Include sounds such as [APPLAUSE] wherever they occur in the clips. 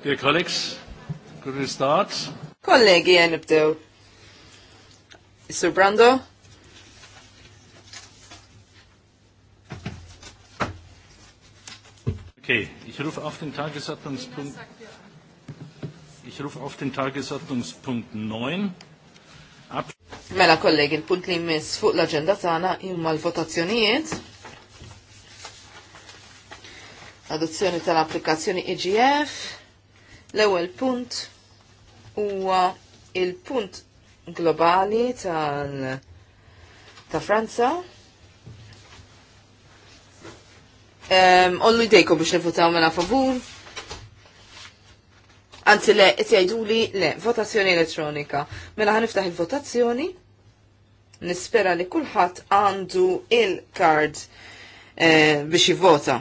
Dear colleagues, could we start? Kollegi, nibdew. Sir Brando? Okay, ich rufe auf den Tagesordnungspunkt Ich rufe auf den Tagesordnungspunkt 9 ab. Mela kollegi, il-punt li jmiss fuq l-agenda tagħna imma l-votazzjonijiet adozzjoni tal-applikazzjoni EGF, L-ewwel punt huwa il-punt globali tal ta' Franza. Um, Ollu jdejkom biex nifutaw mela favur. Anzi le, jgħidu li le, votazzjoni elettronika. Mela ħaniftaħ il-votazzjoni. Nispera li kulħadd għandu il-kard eh, biex jivvota.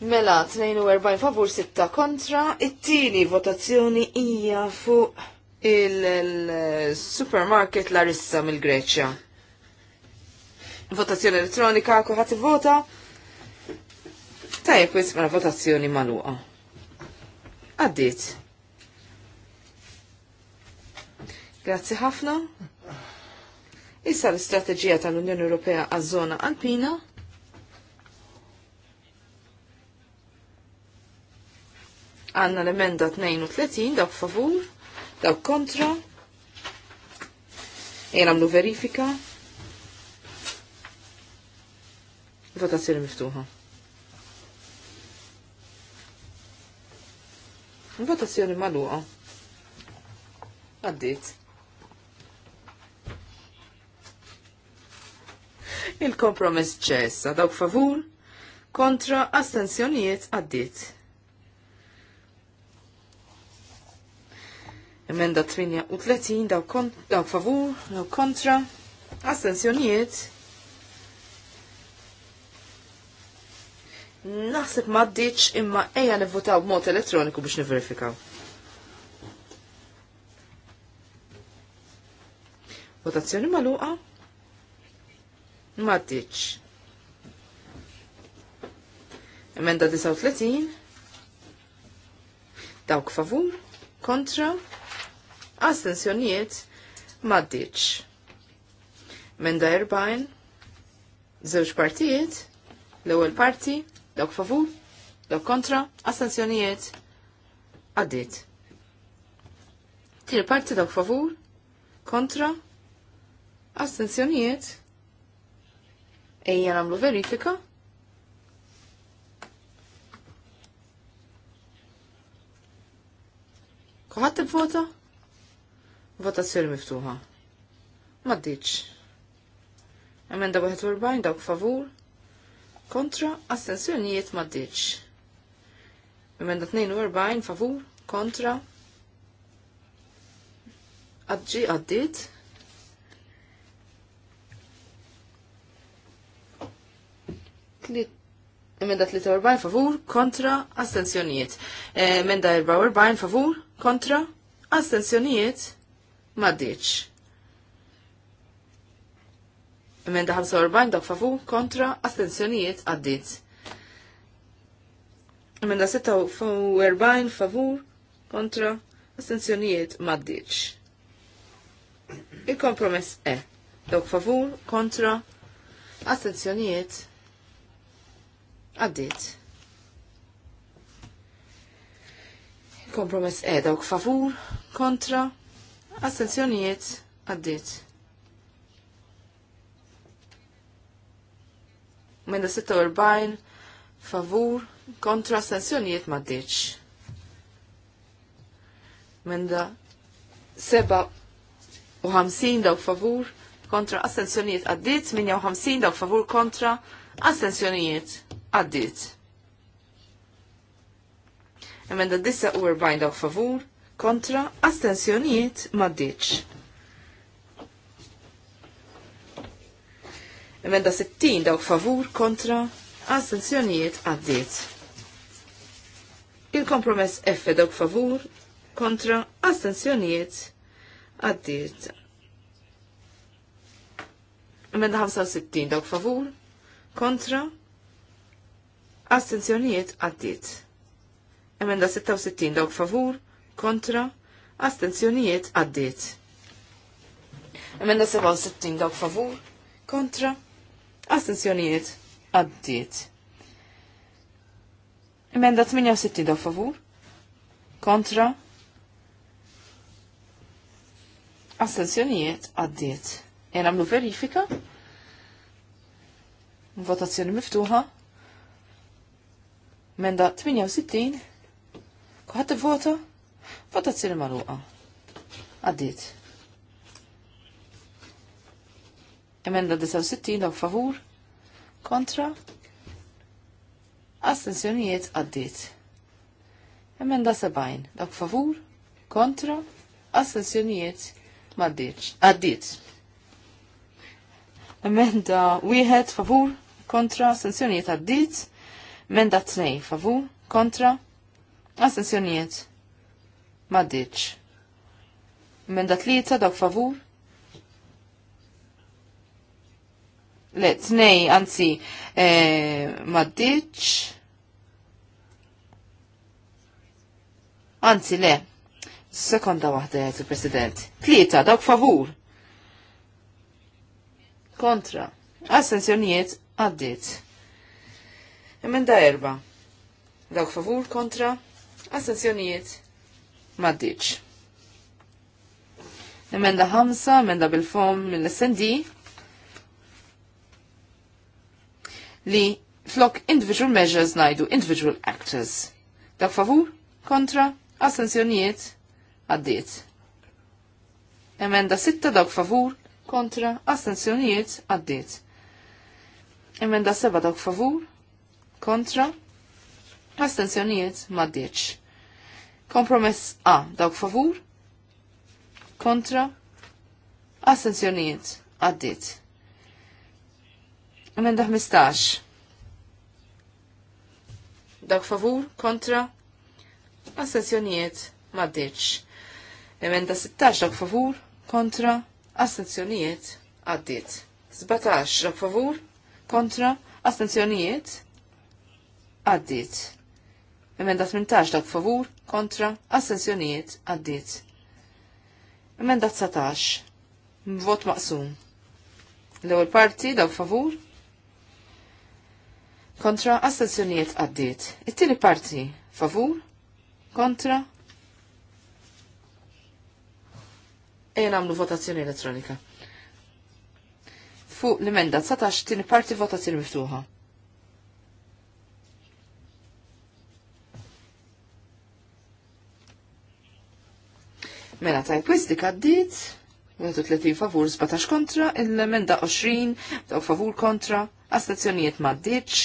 Mela 42 favur 6 kontra, it-tieni votazzjoni hija fuq il-supermarket Larissa mill-Greċja. Votazzjoni elettronika, kuħat vota. Tajjeb wis ma' mela, votazzjoni magħluqa. Għaddit. Grazzi ħafna. Issa l-istrateġija tal-Unjoni Ewropea għaż-żona Alpina. Għanna l-emenda 32, daw favur, dawk kontra. Jena għamlu verifika. Votazzjoni miftuħa. Votazzjoni maluqa. Għaddit. Il-kompromess ċessa, dawk favur, kontra astensjonijiet għaddit. Emenda 38 daw, kon, daw favur, daw kontra. Astensjonijiet. Naħseb ma ddiċ imma eja nivvotaw b'mod elettroniku biex niverifikaw. Votazzjoni maluqa? Ma ddiċ. Emenda 39. Dawk favur, kontra, Astensjonijiet maddiċ. Menda erbajn, żewġ partijiet, l-ewwel parti, dawk favur, dawk kontra, astensjonijiet għaddit. Tir parti dawk favur, kontra, astensjonijiet ejja nagħmlu verifika. Kuħat vota Votazzjoni miftuħa. Maddiċ. Emenda 41 dawk favur. Kontra astensjonijiet maddiċ. Emenda 42 favur. Kontra. Adġi għaddit. Emenda 43 favur. Kontra astensjonijiet. Emenda 44 favur. Kontra astensjonijiet Maddiċ. Emenda 45 dak favu kontra astenzjonijiet għaddit. Emenda 46 favur kontra astenzjonijiet maddiċ. Il-kompromess E. Dawk favur kontra astenzjonijiet għaddit. Kompromess E Dok favur kontra Għastazzjonijiet għaddit. Minda 46 favur kontra astenzjonijiet maddiċ. Minda 57 daw favur kontra astenzjonijiet għaddit, 58 daw favur kontra astenzjonijiet għaddit. Emenda 49 daw favur kontra astensjonijiet maddiċ. Emenda 60 dawk favur kontra astensjonijiet għaddiet. Il-kompromess F dawk favur kontra astensjonijiet għaddiet. Emenda 65 dawk favur kontra astensjonijiet għaddiet. Emenda 66 dawk favur kontra, astenzjonijiet għaddiet. Emenda 67 dawk favur, kontra, astenzjonijiet għaddiet. Emenda 68 dawk favur, kontra, astenzjonijiet għaddiet. għamlu verifika, votazzjoni miftuħa, Menda 68, kuħat vota Fatta t Votazzjoni maluqa. Għaddit. Emenda 69 daw favur. Kontra. Astensjonijiet għaddit. Emenda 70 daw favur. Kontra. Astensjonijiet maddiċ. Għaddit. Emenda 1 favur. Kontra. Astensjonijiet għaddit. Emenda 2 favur. Kontra. Astensjonijiet Ma ditx. Menda tlieta dak favur? Le, tnej, anzi, eh, ma ditx. Anzi, le, sekonda wahda jgħet president Tlieta, dak favur. Kontra. Assenzjonijiet għaddit. Emenda erba. Dawk favur kontra. Assenzjonijiet maddiċ. Emenda ħamsa, emenda bil-fom mill-SND li flok individual measures najdu individual actors. Dak favur, kontra, assenzjonijiet għaddiet. Emenda sitta dak favur, kontra, assenzjonijiet għaddiet. Emenda seba dak favur, kontra, assenzjonijiet, maddiċ. Kompromess A, dawk favur, kontra, assenzjonijiet għaddit. Emenda 15. Dawk favur, kontra, assenzjonijiet maddiċ. Emenda 16, dawk favur, kontra, assenzjonijiet għaddit. 17, dawk favur, kontra, assenzjonijiet għaddit. Emenda 18, dawk favur, kontra assenzjonijiet għaddit. Emenda 19. Vot maqsum. L-ewwel parti daw favur. Kontra assenzjonijiet għaddiet. It-tieni parti favur. Kontra. Ejja nagħmlu votazzjoni elettronika. Fuq l-emenda 19 tieni parti votazzjoni miftuħa. Mela ta' wis kaddit, 30 favur 17 kontra, il-emenda 20 dawk favur kontra, astazzjonijiet maddiċ,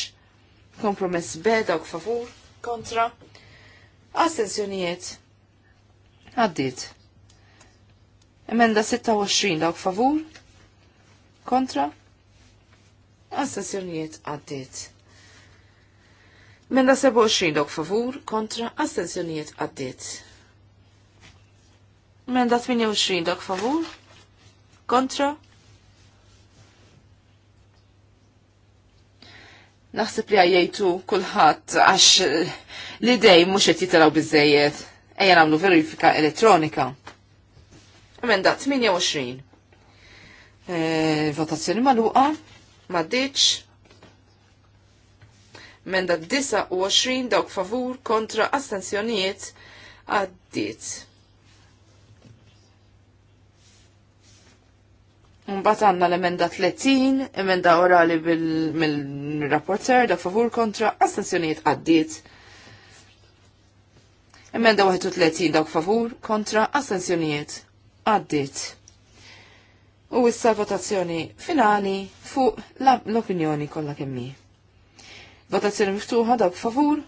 kompromess B dawk favur kontra, astazzjonijiet għaddit. Emenda 26 dawk favur kontra, astazzjonijiet għaddit. Emenda 27 dok favur kontra astensjonijiet għaddit. Menda 28 dak favur. Kontra. Naħseb li għajjajtu kullħat għax eh, l-idej mux qed jitaraw bizzejiet. Ejja nagħmlu verifika elettronika. Emenda 28. Eh, votazzjoni maluqa, maddiċ. Menda 29 dok favur kontra astensjonijiet għaddiet. Mbagħad għandna l-emenda 30, emenda orali mill-rapporter da favur kontra astensjonijiet għaddit. Emenda 31 dak favur kontra astensjonijiet għaddit. U issa votazzjoni finali fuq l-opinjoni kollha kemm Votazzjoni miftuħa dak favur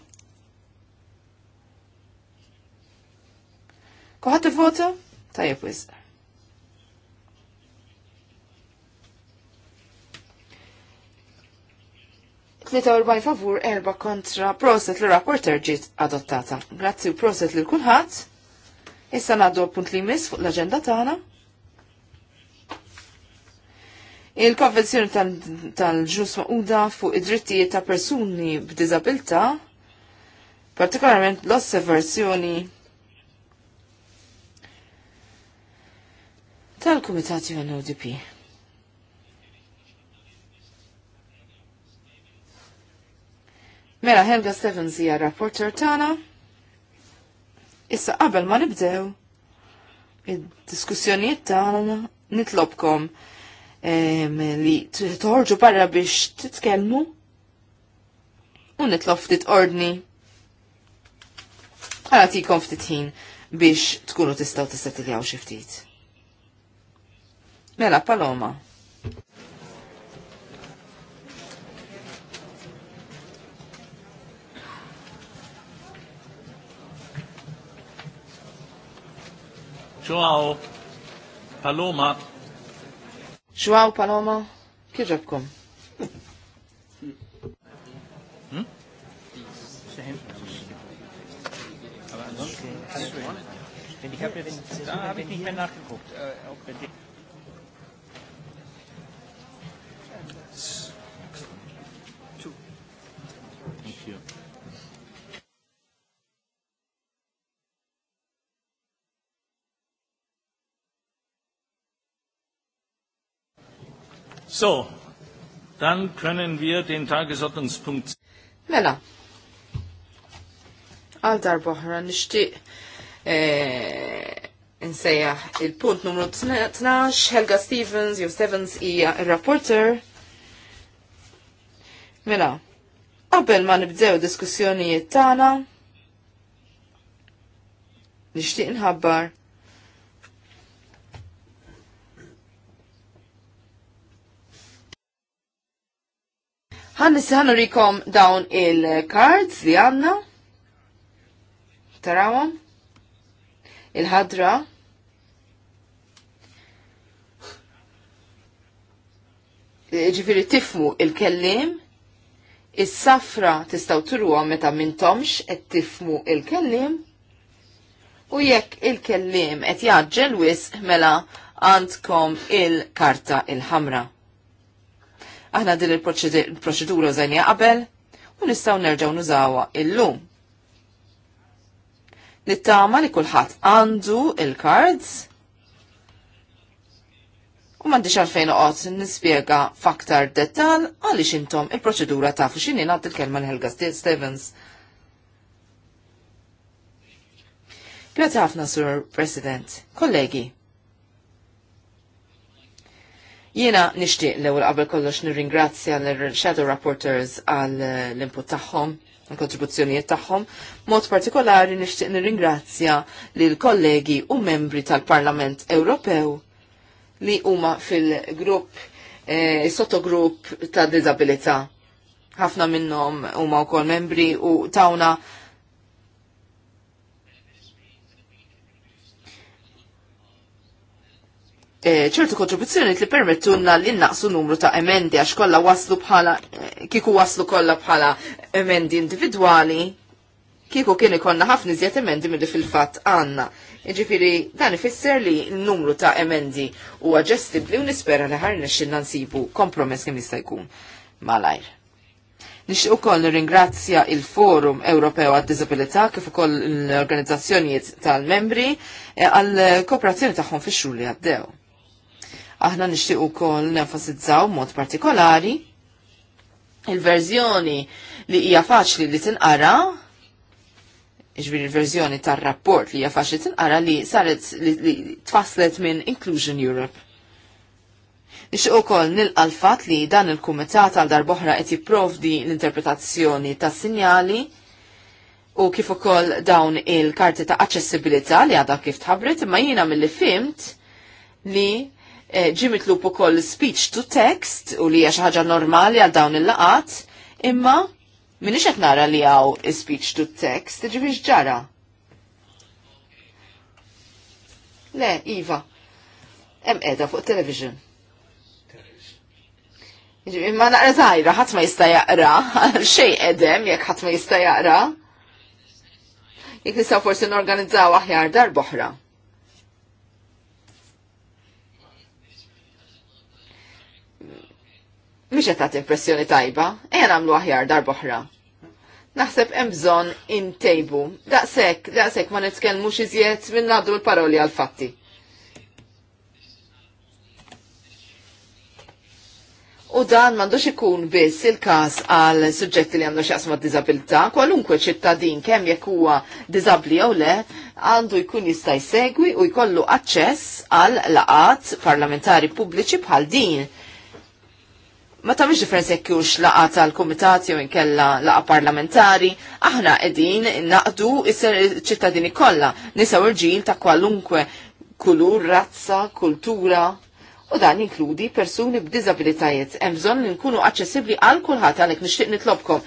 il vota? Tajja wisq. 43 favur, 4 kontra, proset li rapporter ġiet adottata. Grazzi u proset li kulħadd. Issa naddu punt li jmiss fuq l-agenda tagħna. Il-konvenzjoni tal-ġus tal maquda fuq id-drittijiet ta' persuni b'diżabilità, partikolarment l-osservazzjoni tal-Kumitat UNODP. Mela Helga Stevens hija rapporter tagħna. Issa qabel ma nibdew id-diskussjonijiet tagħna nitlobkom li toħorġu barra biex titkellmu u nitlob ftit ordni għala tikom ftit ħin biex tkunu tistaw tistatiljaw xi ftit. Mela Paloma. Joao Paloma. Joao Paloma, kieġabkom. Ich habe nicht mehr nachgeguckt, ob So, dann können wir den Tagesordnungspunkt. Mela. Għal darboħra nishtiq eh, nsejja il-punt numru 12, Helga Stevens, Jo Stevens i il-rapporter. Mela, qabel ma nibdew diskussjoni tagħna, nixtieq nħabbar Għannis ħannu rikom dawn il-cards li għanna. Tarawom. Il-ħadra. Ġifiri tifmu il-kellim. Is-safra tistaw turuha meta mintomx qed tifmu il-kellim. U jekk il-kellim qed jaġġel wisq mela għandkom il-karta il-ħamra. Aħna din il-proċedura użajnija qabel u nistgħu nerġgħu nużawha illum. Nittama li kulħadd għandu il-cards u m'għandix għalfejn uqot nispjega f'aktar dettal għaliex intom il-proċedura ta' x'inhi nagħti il-kelma Helga Stevens. Grazie ħafna, Sur President. Kollegi, Jiena nixtieq l ewel qabel kollox nirringrazzja l-Shadow rapporters għal eh, l-input tagħhom l kontribuzzjonijiet tagħhom. Mod partikolari nixtieq nirringrazzja l kollegi u membri tal-Parlament Ewropew li huma fil-grupp eh, sottogrupp ta' disabilità. Ħafna minnhom huma wkoll membri u tawna Eh, ċertu kontribuzzjoni li permettunna li naqsu numru ta' emendi għax kolla waslu bħala, kiku waslu kolla bħala emendi individuali, kiku kien ikonna ħafna iżjed emendi mill fil-fat għanna. Iġifiri, dan ifisser li n-numru ta' emendi u għagġestibli u nispera li ħarna xinna nsibu kompromess kemm jista' jkun malajr. Nixtieq ukoll nirringrazzja il-Forum Ewropew għad Disabilità kif ukoll l-organizzazzjonijiet tal-membri eh, għall kooperazzjoni tagħhom fix-xhur li għaddew. Aħna nixtieq ukoll nenfasizzaw mod partikolari il-verżjoni li hija faċli li tinqara iġbir il-verżjoni tar-rapport li hija faċli tinqara li saret li tfaslet minn Inclusion Europe. Nixtieq ukoll nilqa' l-fatt li dan il-kumitat għal darboħra qed jipprovdi l-interpretazzjoni tas-sinjali u kif ukoll dawn il-karti ta' aċċessibilità li għadha kif tħabbret, imma jiena mill-li fimt li Eh, ġimit l ukoll speech to text u li hija xi ħaġa normali għal dawn il-laqat, imma minix qed nara li għaw speech to text, ġifiex ġara. Le, Iva, hemm qiegħda fuq television. Imma naqra zaħira, ħadd ma jista' jaqra, xej edem jekk ħadd ma jista' jaqra. Jekk nistgħu forsi norganizzaw aħjar dar boħra. Miex qed tagħti impressjoni tajba, ejja nagħmlu aħjar boħra. Naħseb hemm bżonn intejbu. daqsek, daqsek ma nitkellmux iżjed minn ngħaddu l-paroli għal fatti. U dan m'għandux ikun biss il-każ għal suġġetti li għandu x'jaqsmu d dizabilta kwalunkwe ċittadin kemm jekk huwa diżabbli jew le, għandu jkun jista' jsegwi u jkollu aċċess għal laqat parlamentari pubbliċi bħal din ma tamix differenza jekk jux laqa tal-kumitat jew inkella laqa parlamentari, aħna qegħdin naqdu ċittadini kollha, nisa u ta' kwalunkwe kulur, razza, kultura, u dan jinkludi persuni b'diżabilitajiet. Hemm bżonn li nkunu aċċessibbli għal kulħadd għalhekk nixtieq nitlobkom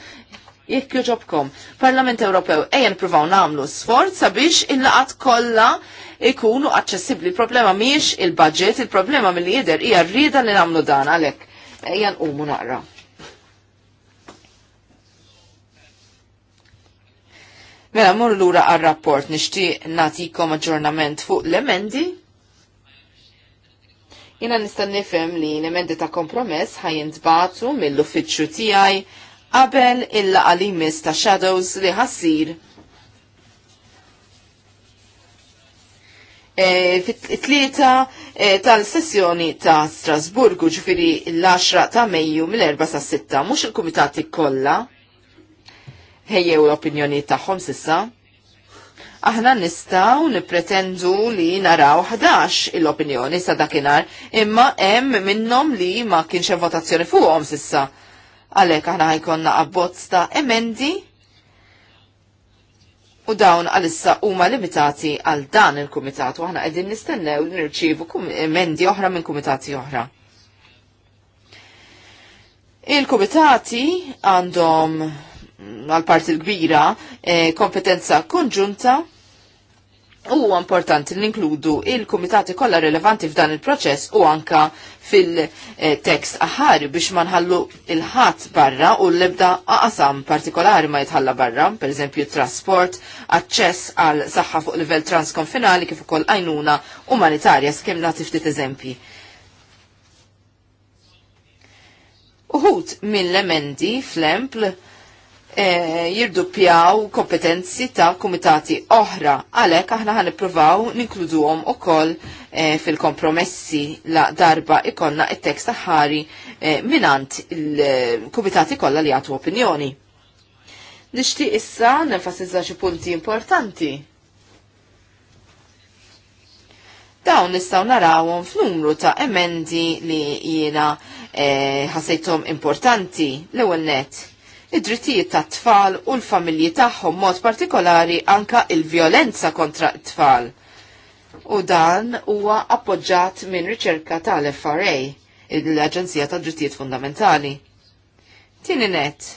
jekk joġobkom. Parlament Ewropew ejjen provaw namlu sforz sabiex il-laqat kollha ikunu aċċessibbli. Il-problema miex il-budget, il-problema mill-lider hija rrieda li namlu dan għalhekk ejjan u naqra. Mela, mor lura għal-rapport nishtiq natikom aġġornament fuq l-emendi. Jena nista' nifhem li l-emendi ta' kompromess batu mill-uffiċċju tiegħi qabel il għalimis li ta' shadows li ħassir. E, Fit-tlieta E, tal-sessjoni ta' Strasburgu ġifiri l-10 ta' Mejju mill-4 sa' 6 mux il-komitati kolla ħejjew l-opinjoni tagħhom sissa. Aħna nistgħu nipretendu li naraw 11 il opinjoni sa' dakinar imma hemm minnhom li ma kienx votazzjoni fuqhom sissa. Għalhekk aħna ħajkonna abbozz ta' emendi u dawn għalissa huma limitati għal dan il-kumitat u aħna qegħdin nistennew li nirċievu emendi oħra minn kumitati oħra. Il-kumitati għandhom għal parti l-kbira eh, kompetenza konġunta U importanti li inkludu il-kumitati kollha rilevanti f'dan il-proċess u anka fil-tekst aħari biex ma nħallu il-ħadd barra u l-ebda aqasam partikolari ma jitħalla barra, per eżempju trasport, aċċess għal saħħa fuq livell transkonfinali kif ukoll għajnuna umanitarja skemm nagħti ftit eżempji. Uħut mill-emendi fl-empl E, jirdupjaw kompetenzi ta' kumitati oħra. Għalek aħna ħan nippruvaw ninkluduhom ukoll koll e, fil-kompromessi la darba ikonna il tekst ħari e, minant il-kumitati kollha li għatu opinjoni. Nixtieq issa nenfasizza xi punti importanti. Dawn nistgħu narawhom f'numru ta' emendi li jiena e, ħasejthom importanti l-ewwel net id-drittijiet tat tfal u l-familji tagħhom mod partikolari anka il-vjolenza kontra t-tfal. U dan huwa appoġġat minn riċerka tal-FRA, l-Aġenzija tad Drittijiet Fundamentali. Tieni net.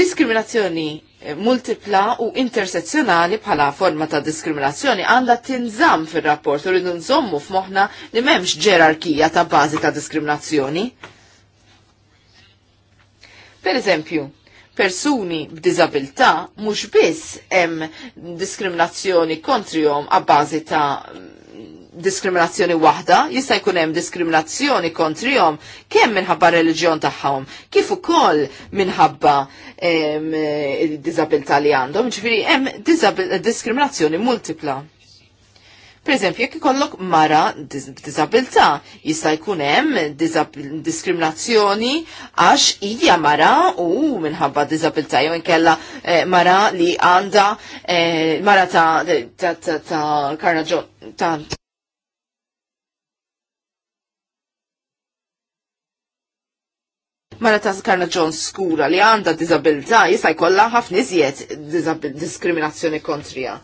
Diskriminazzjoni multipla u intersezzjonali bħala forma ta' diskriminazzjoni għandha tinżamm fir-rapport u rridu nżommu f'moħħna li m'hemmx ġerarkija ta' bażi ta' diskriminazzjoni Per eżempju, persuni b'diżabilità mhux biss hemm diskriminazzjoni kontrihom għabbażi ta' diskriminazzjoni waħda, jista' jkun hemm diskriminazzjoni kontrihom kemm minħabba reliġjon tagħhom, kif ukoll minħabba id-diżabilità li għandhom, ġifieri hemm diskriminazzjoni multipla. Per eżempju, jekk ikollok mara disabilità, jista' jkun hemm diskriminazzjoni għax hija mara u minħabba disabilità jew inkella eh, mara li għandha eh, mara ta' karnaġo ta' mara ta' Karna John skura li għanda disabilità jista' jkollha ħafna iżjed diskriminazzjoni kontrija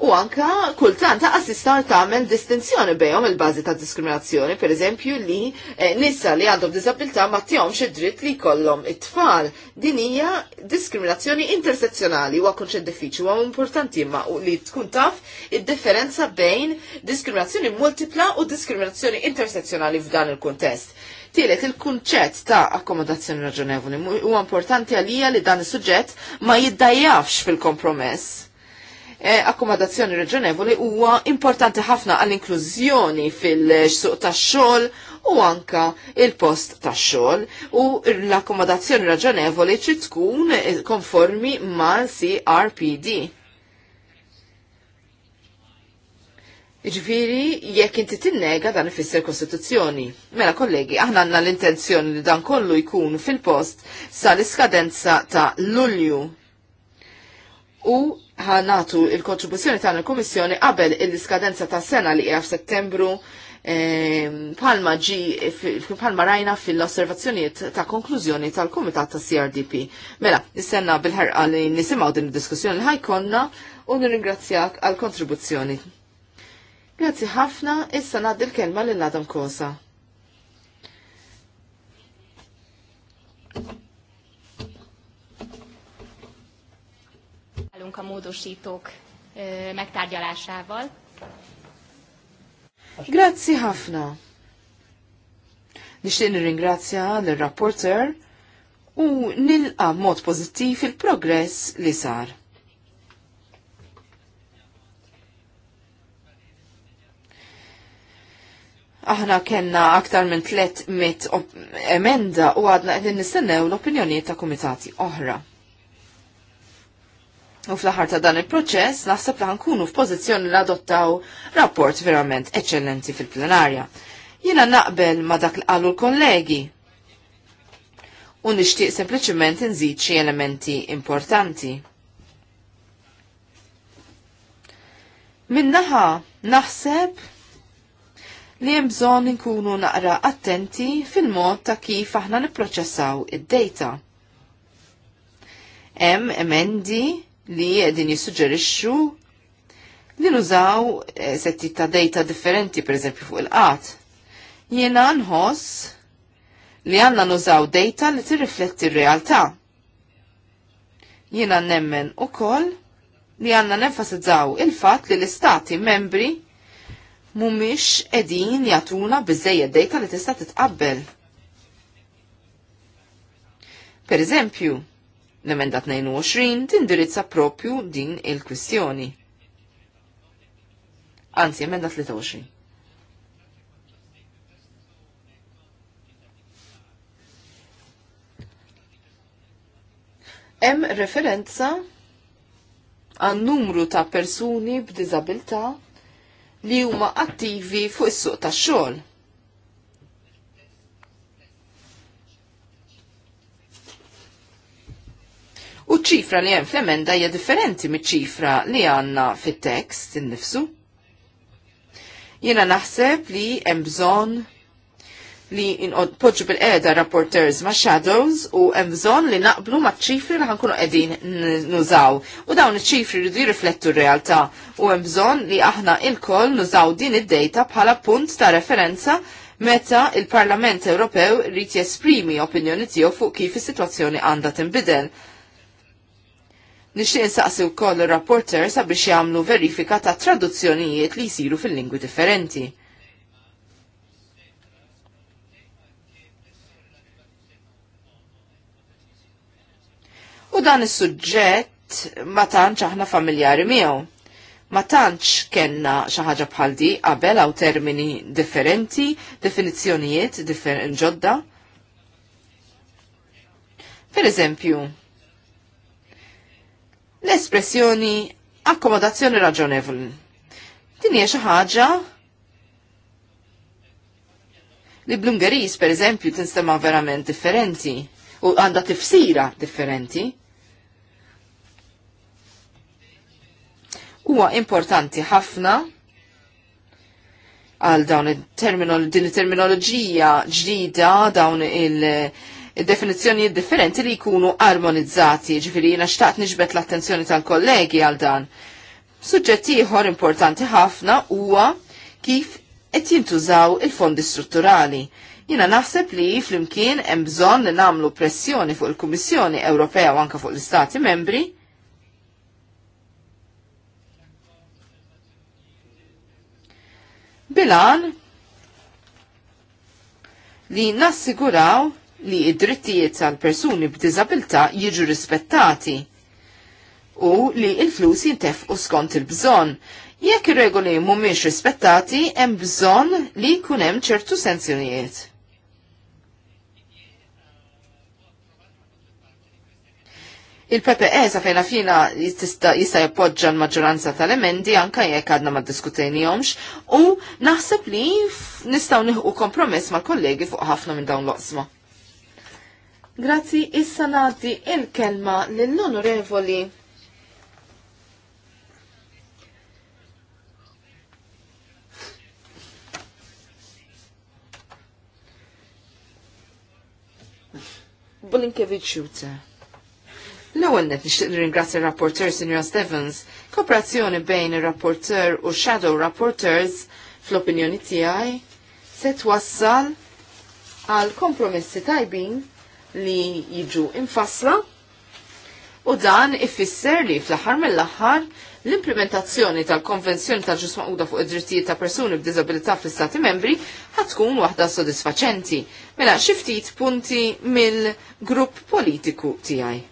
u anka kultant ta' assistar tagħmel distinzjoni bejhom il-bażi ta' diskriminazzjoni, per eżempju li eh, nisa li għandhom disabilità ma tihomx id-dritt li jkollhom it-tfal. Din hija diskriminazzjoni intersezzjonali huwa kunċett diffiċli huwa importanti imma li tkun taf id-differenza bejn diskriminazzjoni multipla u diskriminazzjoni intersezzjonali f'dan il-kuntest. Tielet il-kunċett ta' akkomodazzjoni raġonevoli huwa importanti għalija li dan is-suġġett ma jiddajjafx fil-kompromess. Eh, akkomodazzjoni reġonevoli huwa importanti ħafna għall-inklużjoni fil-suq tax-xogħol u anka il-post tax-xogħol u l-akkomodazzjoni raġonevoli trid tkun konformi mal-CRPD. Ġviri, jekk inti tinnega dan ifisser kostituzzjoni. Mela kollegi, aħna għandna l-intenzjoni li dan kollu jkun fil-post sa l-iskadenza ta' Lulju u ħanatu il-kontribuzzjoni tagħna l-Kummissjoni qabel il-iskadenza ta' sena li hija f'Settembru ehm, palma ġi, palma rajna fil-osservazzjoniet ta' konklużjoni tal-Komitat ta' CRDP. Mela, nistenna bil-ħarqa li nisimaw din diskussjoni li ħajkonna u nirringrazzjak għal kontribuzzjoni. Grazzi ħafna, issa naddi l-kelma l-Adam Kosa. haladunk a módosítók megtárgyalásával. Grazzi ħafna. Nixtieq nirringrazzja l-rapporter u nilqa mod pożittiv il-progress li sar. Aħna kellna aktar minn 300 emenda u għadna għedin nistennew l-opinjonijiet ta' kumitati oħra. U fl-aħħar ta' dan il-proċess naħseb li ħankunu f'pożizzjoni li adottaw rapport verament eċċellenti fil-plenarja. Jiena naqbel ma dak li qalu l-kollegi u nixtieq sempliċement inżid xi elementi importanti. Minnaħa naħseb li hemm bżonn inkunu naqra attenti fil-mod ta' kif aħna nipproċessaw id-data. Hemm emendi li din jissuġġerixxu li nużaw eh, setti ta' data differenti, per eżempju, fuq il-qat. Jiena nħoss li għanna nużaw data li tirrifletti r-realtà. Jiena nemmen u koll li għanna nenfasizzaw il-fat li l-istati membri mumiex edin jatuna bizzeja data li tista' titqabbel. Per eżempju, L-emenda 22 tindirizza propju din il-kwistjoni. Anzi, emenda 23. Hemm referenza għan numru ta' persuni b'diżabilità li huma attivi fuq is-suq tax-xogħol. U ċifra li hemm fl-emenda hija differenti miċ-ċifra li għandna fit-tekst innifsu. Jiena naħseb li hemm bżonn li poġġu bil-qeda rapporters ma' shadows u hemm bżonn li naqblu ma' ċifri li ħankunu qegħdin nużaw. U dawn iċ-ċifri rridu riflettu r-realtà u hemm bżonn li aħna lkoll nużaw din id-dejta bħala punt ta' referenza meta il-Parlament Ewropew rrid jesprimi opinjoni tiegħu fuq kif is-sitwazzjoni għandha tinbidel. Nixtieq insaqsi wkoll ir-rapporter sabiex jagħmlu verifika ta' traduzzjonijiet li jsiru fil-lingwi differenti. U dan is-suġġett ma tantx aħna familjari miegħu. Ma tantx kellna xi ħaġa bħal di qabel aw termini differenti, definizzjonijiet differ ġodda. Per eżempju, l-espressjoni akkomodazzjoni raġonevoli. Din hija xi ħaġa li bl-Ungeris, per eżempju, tinstema verament differenti u għandha tifsira differenti. Huwa importanti ħafna għal dawn il-terminoloġija ġdida, dawn il- definizzjonijiet differenti li jkunu armonizzati, ġifiri jina xtaqt nġbet l-attenzjoni tal-kollegi għal dan. Suġġetti ieħor importanti ħafna huwa kif qed jintużaw il-fondi strutturali. Jina naħseb li flimkien hemm bżonn li nagħmlu pressjoni fuq il-Kummissjoni Ewropea u anke fuq l-Istati membri bilan li nassiguraw li id-drittijiet tal-persuni b'diżabilità jiġu rispettati u li il-flus jintefqu skont il-bżonn. Jekk ir-regoli mhumiex rispettati, hemm bżonn li jkun hemm ċertu sensjonijiet. Il-PPE sa fejna fina jista jappoġġa l-maġġoranza tal-emendi anka jekk għadna ma ddiskutejniehomx, u naħseb li nistgħu nieħu kompromess mal-kollegi fuq ħafna minn dawn l-oqsma. Grazzi, issa nagħti il-kelma lill-Onorevoli Bulinkevich L-ewwel qed nixtieq nirringrazzja r-rapporteur Sinjora Stevens, kooperazzjoni bejn ir-rapporteur u shadow rapporters fl-opinjoni tiegħi se twassal għal kompromessi tajbin li jiġu infassla u dan ifisser li fl-aħħar mill-aħħar l-implementazzjoni tal-Konvenzjoni tal ġusma maquda fuq id-drittijiet ta' persuni b'Dizabilità fl-Istati membri ħatkun waħda sodisfaċenti mela xi ftit punti mill-grupp politiku tiegħi.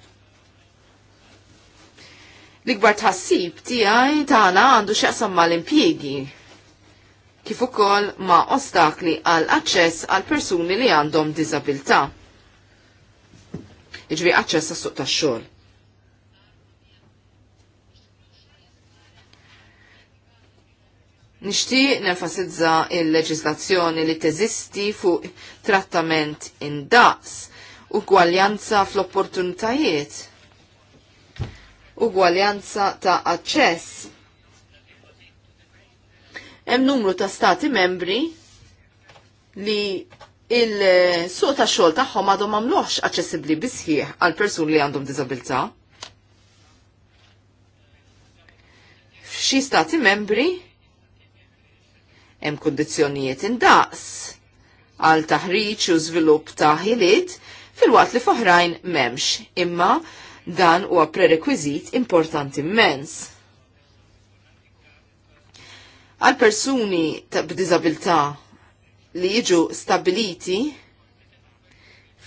L-ikbar tħassib tiegħi tagħna għandu x'jaqsam mal-impjiegi kif ukoll ma' ostakli għal aċċess għal persuni li għandhom diżabilità jiġri aċċess għas-suq tax-xogħol. Nixtieq nenfasizza il-leġislazzjoni li teżisti fuq trattament indaqs u gwaljanza fl-opportunitajiet u gwaljanza ta' aċċess. Hemm numru ta' stati membri li il-suq ta' xogħol tagħhom għadhom għamlux aċċessibbli bisħieħ għal persuni li għandhom diżabilità. F'xi stati membri hemm kundizzjonijiet indaqs għal taħriġ u żvilupp ta' ħiliet fil-waqt li f'oħrajn m'hemmx, imma dan huwa prerekwiżit importanti immens. Għal persuni ta' b'diżabilità li jiġu stabiliti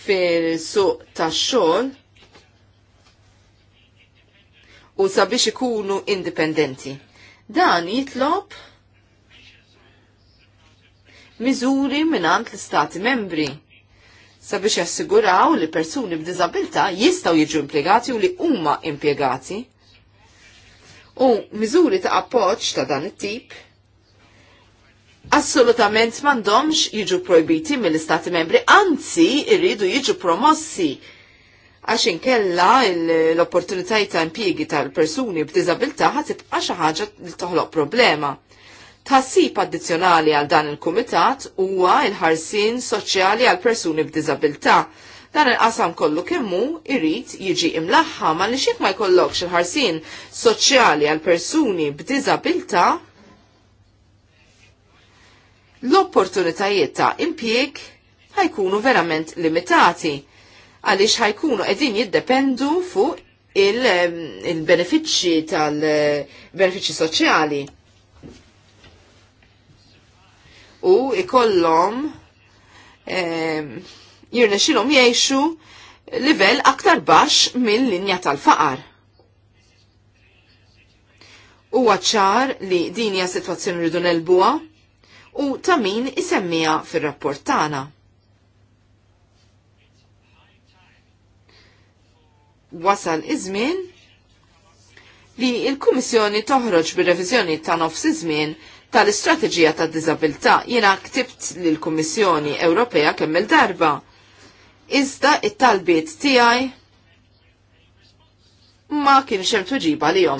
fil-suq tax-xogħol u sabiex ikunu indipendenti. Dan jitlob miżuri minant l-Stati membri sabiex jassiguraw li persuni b'diżabilità jistgħu jiġu impjegati u li huma impjegati. U miżuri ta' appoġġ ta' dan it-tip assolutament mandomx jiġu projbiti mill-istati membri, anzi irridu jiġu promossi għax inkella l opportunitaj ta' impjiegi tal-persuni b'diżabilità ħatibqa' xi ħaġa li toħloq problema. Tassib addizzjonali għal dan il-kumitat huwa il-ħarsin soċjali għal persuni b'diżabilità. Dan il-qasam kollu kemmu irrid jiġi imlaħħa ma li xik ma jkollokx il-ħarsin soċjali għal persuni b'diżabilità l-opportunitajiet ta' impjieg ħajkunu verament limitati għaliex ħajkunu qegħdin jiddependu fuq il-benefiċċji il benefiċċji tal benefiċċji soċjali. U ikollhom eh, jirnexilhom jgħixu livell aktar baxx mill-linja tal-faqar. Huwa ċar li din hija sitwazzjoni rridu nelbuha u ta' min isemmija fir-rapport tagħna. Wasal iż-żmien li il-Kummissjoni toħroġ bir-reviżjoni ta' nofs iż-żmien tal-istrateġija ta' disabilità jiena ktibt lill-Kummissjoni Ewropea kemm il-darba. Iżda it-talbiet tiegħi ma kienx hemm tuġiba jom.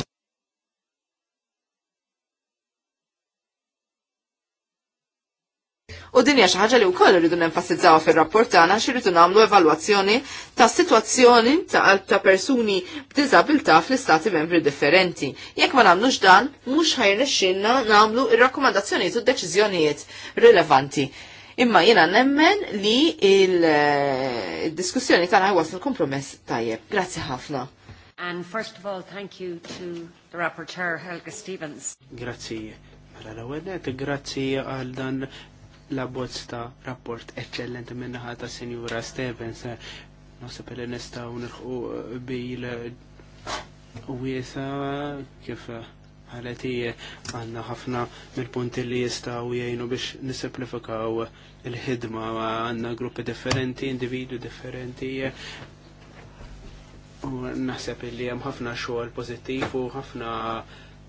U din hija xi ħaġa li wkoll iridu nenfasizzaw fir-rapport tagħna xi rridu nagħmlu evalwazzjoni ta' sitwazzjoni ta' persuni b'diżabilità fl-istati membri differenti. Jekk ma nagħmlux dan, mhux ħajrexxinna nagħmlu ir-rakkomandazzjonijiet u d-deċiżjonijiet rilevanti. Imma jiena nemmen li il-diskussjoni eh, tagħna ħajwas il-kompromess tajjeb. Grazzi ħafna. And first of all, thank you to the rapporteur Helga Stevens. Grazie. Mela grazzi għal dan la abbozz ta' rapport eccellenti minna ħata senjura Stevens. Nasib pelle nesta unirħu eh, bil eh, wiesa kif għaleti eh, għanna ħafna mill-punti li u jajnu biex nisimplifikaw il-ħidma għanna gruppi differenti, individu differenti. U naħseb li hemm ħafna xogħol pożittiv u ħafna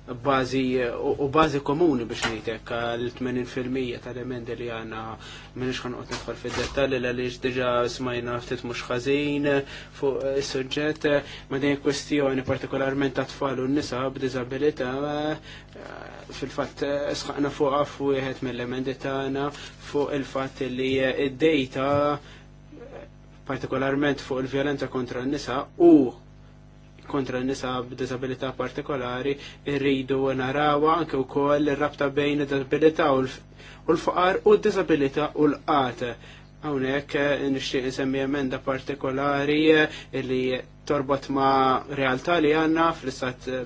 bazi u bazi komuni biex ngħidek l-80% tal-emendi li għandna m'iniex ħanqod nidħol fid-dettalji għaliex diġà smajna ftit mhux ħażin fuq is-suġġett ma din kwestjoni partikolarment ta' tfal u nisa b'diżabilità fil-fatt sħaqna fuq f'wieħed mill-emendi tagħna fuq il-fatt li id-dejta partikolarment fuq il vjolenta kontra n-nisa u kontra n-nisa b'disabilità partikolari irridu narawa anke wkoll ir-rabta bejn id-disabilità u l-faqar u d-disabilità u l-qat. Hawnhekk eh, nixtieq insemmi emenda partikolari eh, li torbot ma' realtà li għandna eh,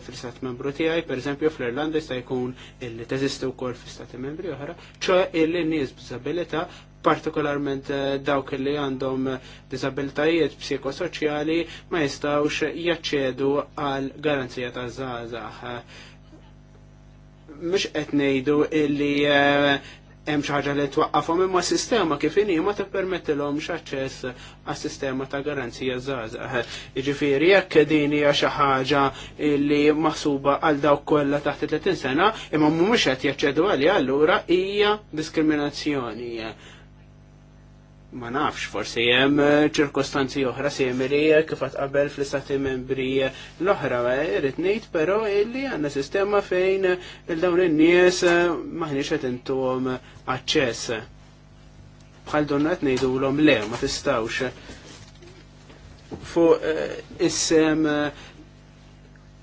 fl-istat membru tiegħi, pereżempju fl-Irlanda jista' jkun illi teżisti wkoll fl-istati membri oħra, ċe illi nies b'disabilità partikolarment eh, dawk li għandhom eh, disabilitajiet psikosoċjali ma jistawx jaċċedu għal garanzija ta' zazax. Mux qed ngħidu illi eh, hemm xi ħaġa li twaqqafhom imma sistema kif inhi ma tippermettilhom aċċess għas-sistema ta' garanzija żgħażagħ. Jiġifieri jekk din hija xi ħaġa li maħsuba għal dawk kollha taħt 30 sena imma mhumiex qed jaċċedu għalija allura hija diskriminazzjoni ma nafx, forsi jem eh, ċirkostanzi oħra simili eh, kif qabel fl-istati membri eh, l-oħra, irrit ngħid però illi għandna sistema fejn il-dawn in-nies maħniex qed intuhom aċċess. Bħal donna qed ngħidulhom le, ma tistawx. Fuq is-sem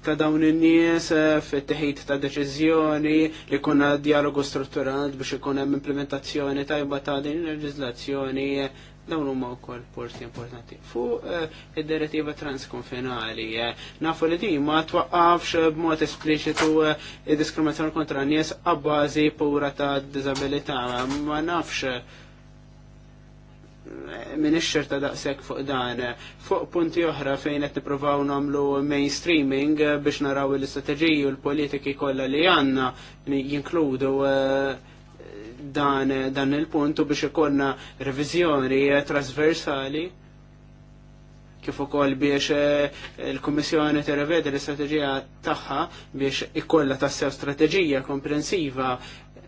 ta' dawn in-nies eh, fit-teħid ta' deċiżjoni li kuna dialogu strutturat biex ikun hemm implementazzjoni tajba ta' din il-leġiżlazzjoni dawn huma wkoll porti importanti. Fuq eh, id-direttiva transkonfinali, eh, nafu li din ma twaqqafx b'mod espliċitu id-diskriminazzjoni kontra n-nies għabbażi pura ta' disabilità, ma nafx minn iċċer ta' daqshekk fuq dan. Fuq punti oħra fejn qed nippruvaw nagħmlu mainstreaming biex naraw l-istrateġiji u l-politiki kollha li għandna jinkludu eh, dan, dan il-punt u biex ikollna reviżjoni trasversali kif ukoll biex eh, il-Kummissjoni tirrevedi l-istrateġija tagħha biex ikollha tassew strateġija komprensiva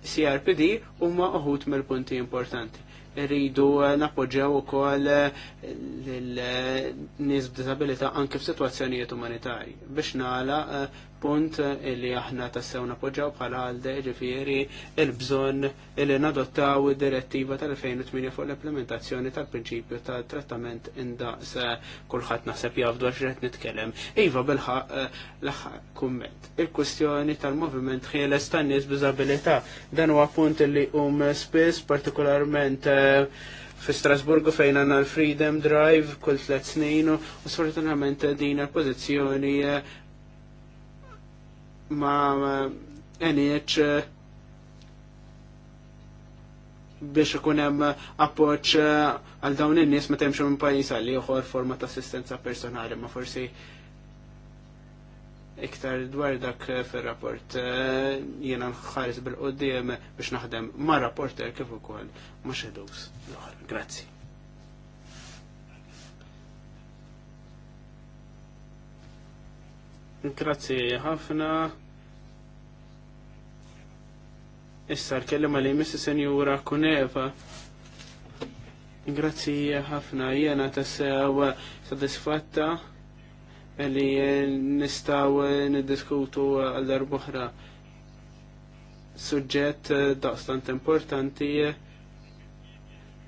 CRPD huma uħut mill-punti importanti rridu eh, napoġġew ukoll eh, lil eh, nies b'disabilità anke f'sitwazzjonijiet umanitarji. Biex nagħla punt eh, illi aħna tassew napoġġaw bħala għalde ġifieri il-bżonn illi nadottaw direttiva tal-2008 fuq l-implementazzjoni tal-prinċipju tal-trattament indaqs eh, kulħadd naħseb jafdu għax qed nitkellem. Iva bilħaq eh, l-aħħar kumment. Il-kwestjoni tal-moviment ħieles tan-nies b'iżabilità. dan huwa punt illi hum spiss partikolarment fi Strasburgu fejn għanna l-Freedom Drive kull tlet snin u sfortunatament din l-pozizjoni ma' NH eh, biex ikun hemm appoġġ eh, għal dawn in-nies meta jimxu minn pajjiż għal ieħor forma ta' assistenza personali ma' forsi iktar dwar dak eh, fir-rapport jiena nħares bil-qudiem biex naħdem ma' rapporter kif ukoll ma' xedus l-oħra. Grazzi. Grazzi ħafna. Issa l-kellima li missi senjura kuneva. Grazzi ħafna jena tassew satisfatta li nistaw niddiskutu għal darbohra suġġett daqstant importanti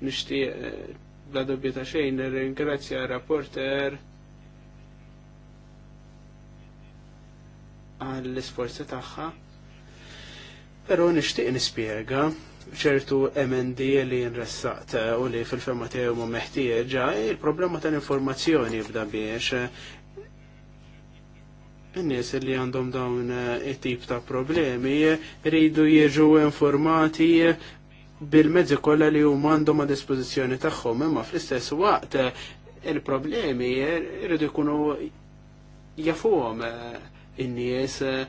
nishtiq bla dubju ta' xejn, ringrazzja rapporter għall-isforzi tagħha. Però nixtieq nispjega ċertu MND li nressaqt eh, u li fil-ferma tiegħu ma meħtieġa il-problema tal-informazzjoni bda biex in-nies eh, li għandhom dawn eh, it-tip ta' problemi rridu jiġu informati bil-mezzi kollha li huma għandhom a dispożizzjoni tagħhom imma fl-istess waqt il-problemi rridu jkunu jafuhom in-nies eh,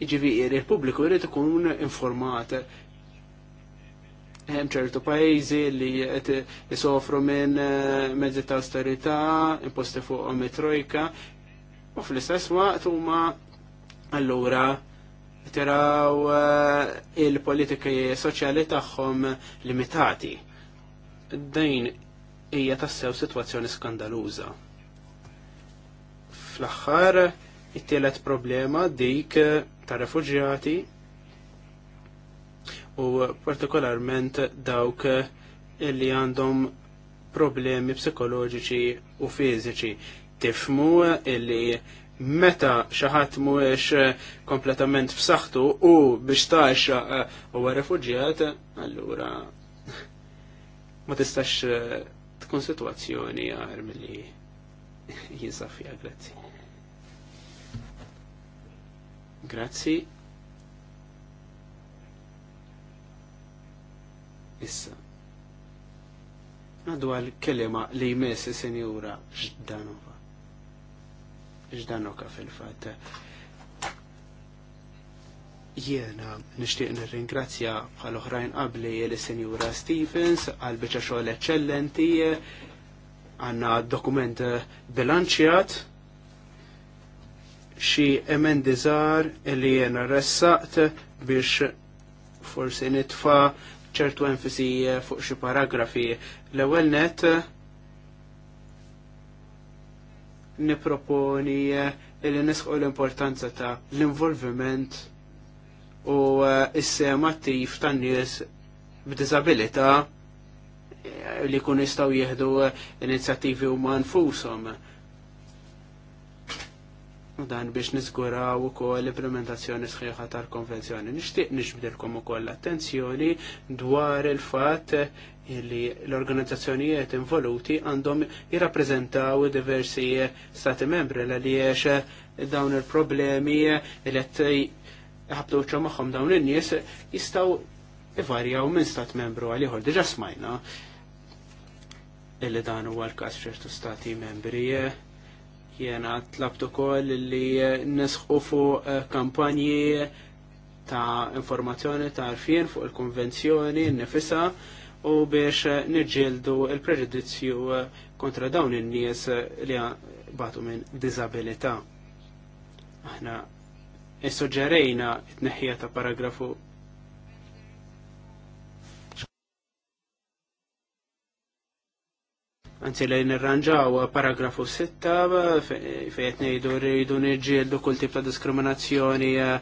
ġifieri il-pubbliku jrid ikun informat. Hemm ċertu pajjiżi li qed isofru minn eh, mezzi ta' austerità, imposti fuqhom it-trojka, u fl-istess waqt huma allura tiraw eh, il-politiki soċjali tagħhom limitati. Dejn hija tassew sitwazzjoni skandaluża. Fl-aħħar it-tielet problema dik eh, ta' refugjati u partikolarment dawk illi eh, għandhom problemi psikoloġiċi u fiżiċi. Tifmu eh, illi meta xaħat mhuwiex kompletament f'saħtu u biex tax huwa refuġjat, allura ma tistax tkun situazzjoni għar mill-li jinsaf grazzi. Grazzi. Issa. Għadu għal kelima li jmessi senjura ġdanova. Ġdanoka fil-fat. Jiena nishtiq nirringrazzja bħal oħrajn qabli li senjura Stevens għal bieċa xogħol eċċellenti għanna dokument bilanċjat xi emendi żgħar li jiena ressaqt biex forsi nitfa' ċertu enfisi fuq xi paragrafi. L-ewwel net niproponi li nisħu l-importanza ta' l-involviment u eh, s-sem attiv tan nies b'dizabilita eh, li kun jistgħu jieħdu eh, inizjattivi huma nfushom u dan biex niżguraw ukoll l-implementazzjoni sħiħa tal-konvenzjoni. Nixtieq nixbdilkom ukoll l-attenzjoni dwar il-fatt li l-organizzazzjonijiet involuti għandhom jirrappreżentaw diversi stati membri l għaliex dawn il-problemi li qed ħabtuċa magħhom dawn in-nies jistgħu ivarjaw minn stat membru għal ieħor diġà smajna illi dan huwa l-każ f'ċertu stati membri Jena tlabtu kol li nisħu fuq eh, kampanji ta' informazzjoni ta' arfien fuq il-konvenzjoni nifisa u biex eh, nirġildu il-preġudizzju eh, kontra dawn in-nies li batu minn disabilità. Aħna issuġġerejna t-neħħija ta' paragrafu Anzi, li nirranġaw paragrafu 6 fejt nejdu rridu nirġieldu kull tip ta' diskriminazzjoni eh,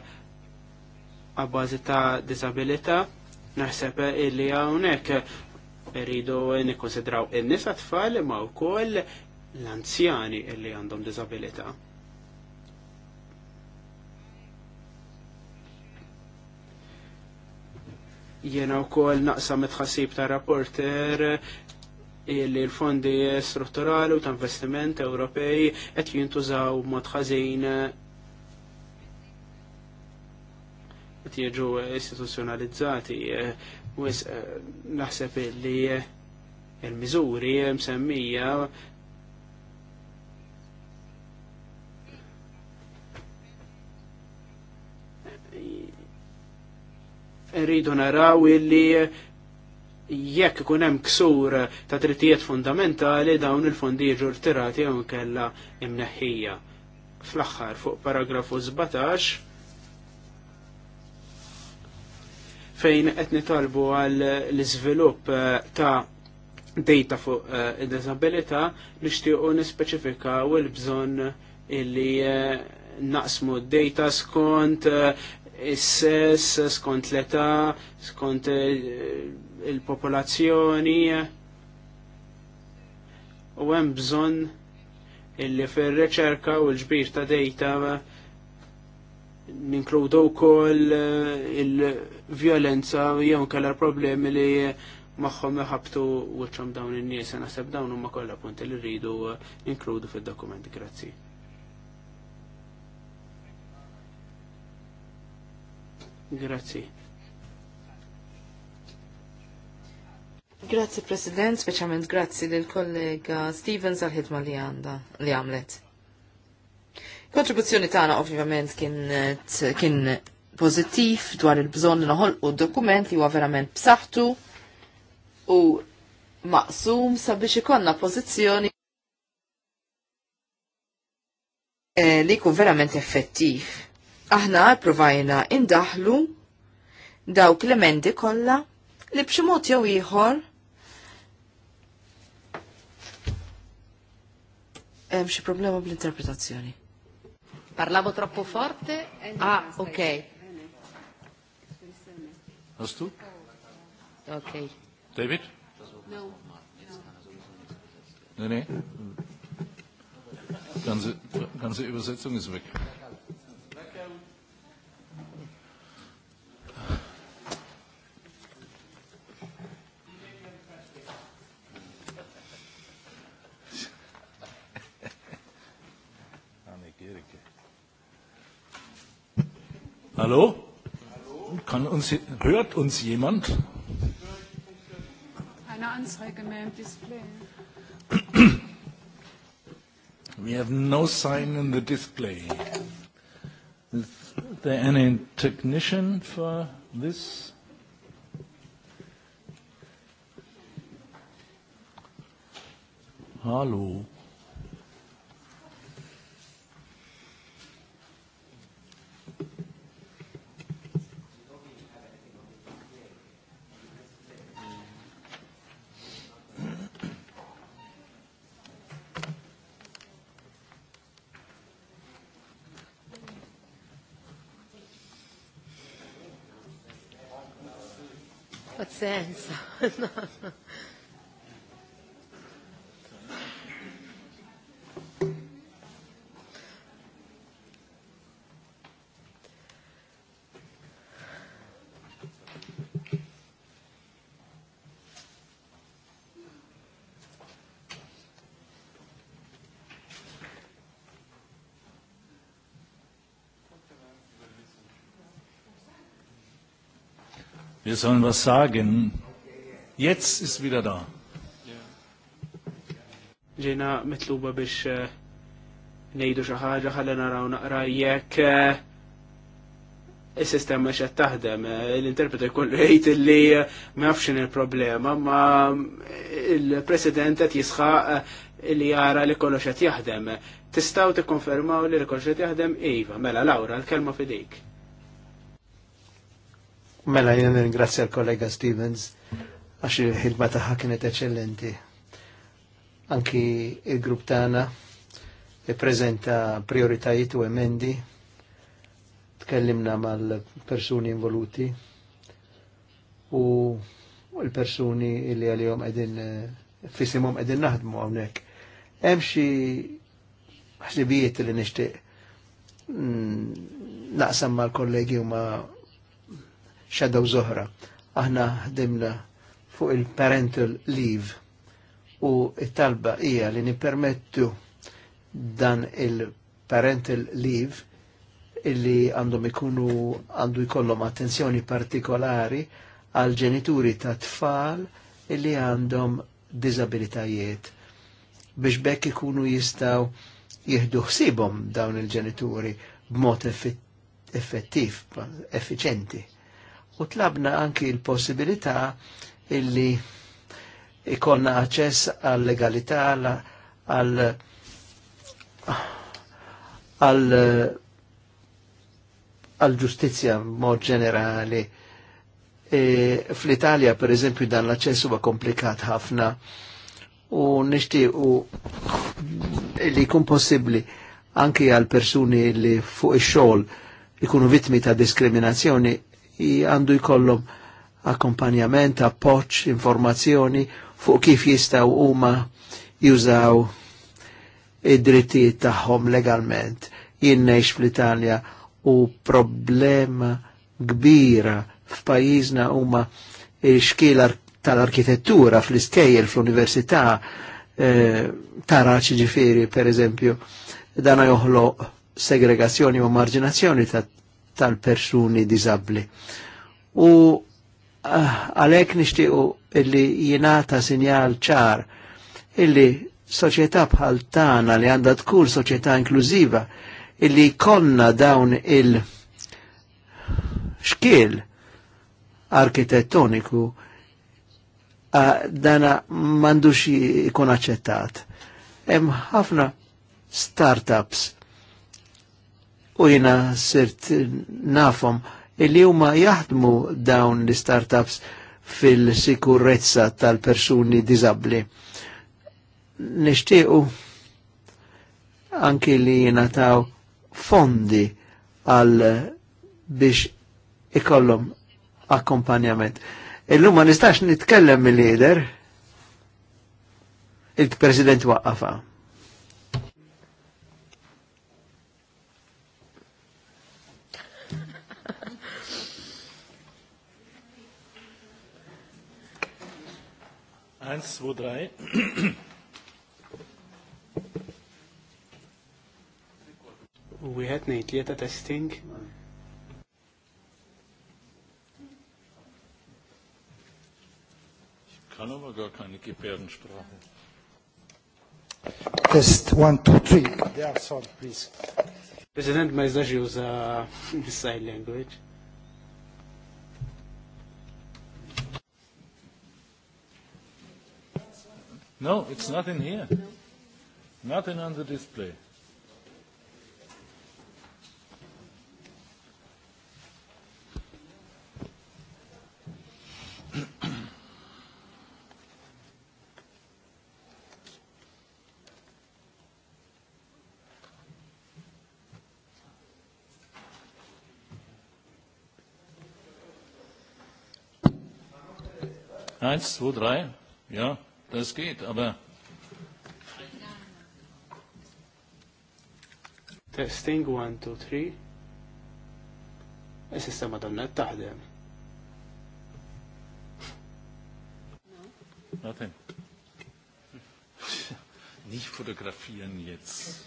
għabbażi ta' disabilita. Naħseb illi hawnhekk rridu nikkonsidraw in-nies tfal ma wkoll l-anzjani illi għandhom disabilita. Jena u naqsam naqsa mitħassib ta' rapporter li l-fondi strutturali u ta' investiment Ewropej qed jintużaw mod ħażin qed jiġu istituzzjonalizzati u eh, naħseb li il-miżuri msemmija rridu naraw illi jekk ikun hemm ksur ta' drittijiet fundamentali dawn il-fondi jiġu rtirati kellha imneħħija. Fl-aħħar fuq paragrafu 17 fejn qed nitalbu għal l-iżvilupp eh, ta' data fuq eh, id-disabilità nixtiequ nispeċifikaw il-bżonn illi eh, naqsmu d-data skont is-sess, skont l-età, skont eh, il-popolazzjoni. U hemm bżonn illi fir-riċerka u l-ġbir ta' dejta ninkludu wkoll eh, il-vjolenza jew kellar problemi li magħhom iħabtu wiċċhom dawn in-nies. Naħseb dawn huma kollha punti li rridu eh, ninkludu fid dokument Grazzi. Grazzi. Grazzi President, speċjalment grazzi lil kollega Stevens għal ħidma li għanda li għamlet. Kontribuzzjoni tagħna ovvjament kienet eh, kien pożittiv dwar il-bżonn noħolqu dokument li huwa verament b'saħħtu u maqsum sabiex ikonna pożizzjoni eh, li jkun verament effettiv aħna provajna indaħlu dawk l-emendi kollha li bximot mod jew ieħor hemm xi problema bl-interpretazzjoni. Parlavo troppo forte? Ah, ok. Astu? Ok. David? No. Nee, nee. Ganze, ganze Übersetzung ist weg. Hallo? Kann uns, hört uns jemand? Eine Anzeige mehr im Display. We have no sign in the display. Is there any technician for this? Hallo? sens. [LAUGHS] no. Wir sollen was sagen. Jetzt ist wieder da. Ġejna mitluba biex eh, nejdu xi ħaġa ħalli naraw naqra jekk eh, is-sistema xed taħdem. Eh, L-interpretu jkollu jgħid li ma nafxin il-problema, ma il-president qed jisħaq li jara li kollox qed jaħdem. Tistgħu tikkonfermaw li kollox qed jaħdem iva, mela Laura, l-kelma fidejk. Mela jien ringrazzja l-kollega Stevens għax il-ħidma tagħha kienet eċellenti. Anki il-grupp tagħna ippreżenta prioritajiet u emendi. Tkellimna mal-persuni involuti u l-persuni li għalihom qegħdin fisimhom qegħdin naħdmu hawnhekk. Hemm xi ħsibijiet li nixtieq mm, naqsam mal-kollegi u ma' shadow zoħra. Aħna ħdimna fuq il-parental leave u it-talba hija li nipermettu dan il-parental leave illi għandhom ikunu għandu jkollhom attenzjoni partikolari għal ġenituri ta' tfal illi għandhom disabilitajiet biex bekk ikunu jistaw jihdu ħsibhom dawn il-ġenituri b'mod effettiv, effiċenti u tlabna anki il-possibilità illi ikonna aċċess għal legalità għal għal għal ġustizja mod ġenerali. E, Fl-Italja, per eżempju, dan l-aċċess huwa komplikat ħafna u u li jkun possibbli anki għal persuni li fuq ix-xogħol ikunu vittmi ta' diskriminazzjoni għandu jkollhom akkompanjament, appoġġ, informazzjoni fuq kif jistgħu huma jużaw id-drittijiet tagħhom legalment. Jien fl-Italja u problema kbira f'pajjiżna huma xkiela tal-arkitettura fl-iskejjel fl-università eh, tara ġifiri per eżempju dana joħloq segregazzjoni u marġinazzjoni tal-persuni disabli. U ah, għalek nishtiqu illi jenata sinjal ċar illi soċieta bħal tana li għanda tkun soċieta inklużiva illi konna dawn il xkiel arkitettoniku ah, dana mandux ikun aċċettat. Hemm ħafna startups u jina sirt nafom illi huma jaħdmu dawn l-startups fil-sikurezza tal-persuni disabli. Nishtiqu anki li taw fondi għal biex ikollhom akkompanjament. Illum ma nistax nitkellem mill-lider, il-President waqqafa. Eins, zwei, drei. Wieħed ngħid li testing. kann aber gar keine Gebärdensprache. Test 1, 2, 3. Yeah, sorry, please. President, ma jistax juża [LAUGHS] sign language. No, it's not in here. Nothing on the display. Eins, zwei, drei, ja. Das geht, aber. Testing 1, 2, 3. Is-sistema donnet taħdem. Nothing. [LAUGHS] Nicht fotografieren jetzt.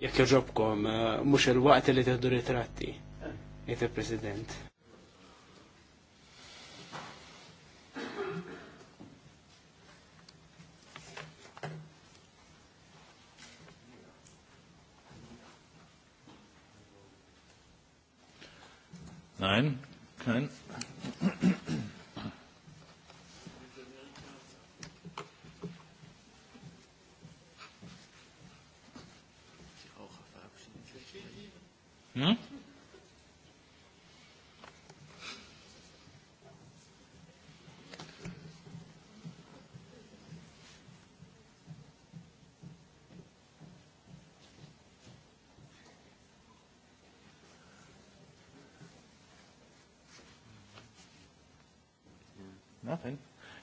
Jekk joġobkom, eh, mhux il-waqt li teħdu ritratti, jgħid il-President. Nein, kein.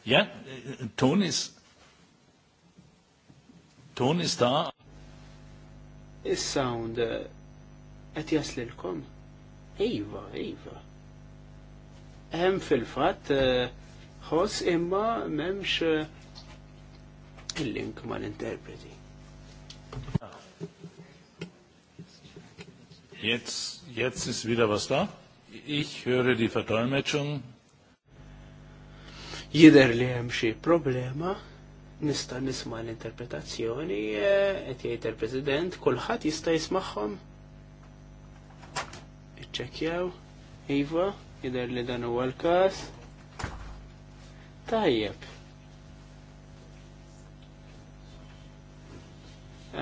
Ja, Ton ist, ta' Is-sound eh, qed jaslilkom? Iva, iva. Hemm fil-fatt eh, ħoss imma m'hemmx eh, il-link mal-interpreti. Jetzt, jetzt ist wieder was da. Ich höre die Verdolmetschung jider li hemm xi problema, nista' nisma' l-interpretazzjoni e, qed jgħid il-President, kulħadd jista' jismagħhom. Iċċekkjaw, iva, jidher li dan huwa l-każ. Tajjeb.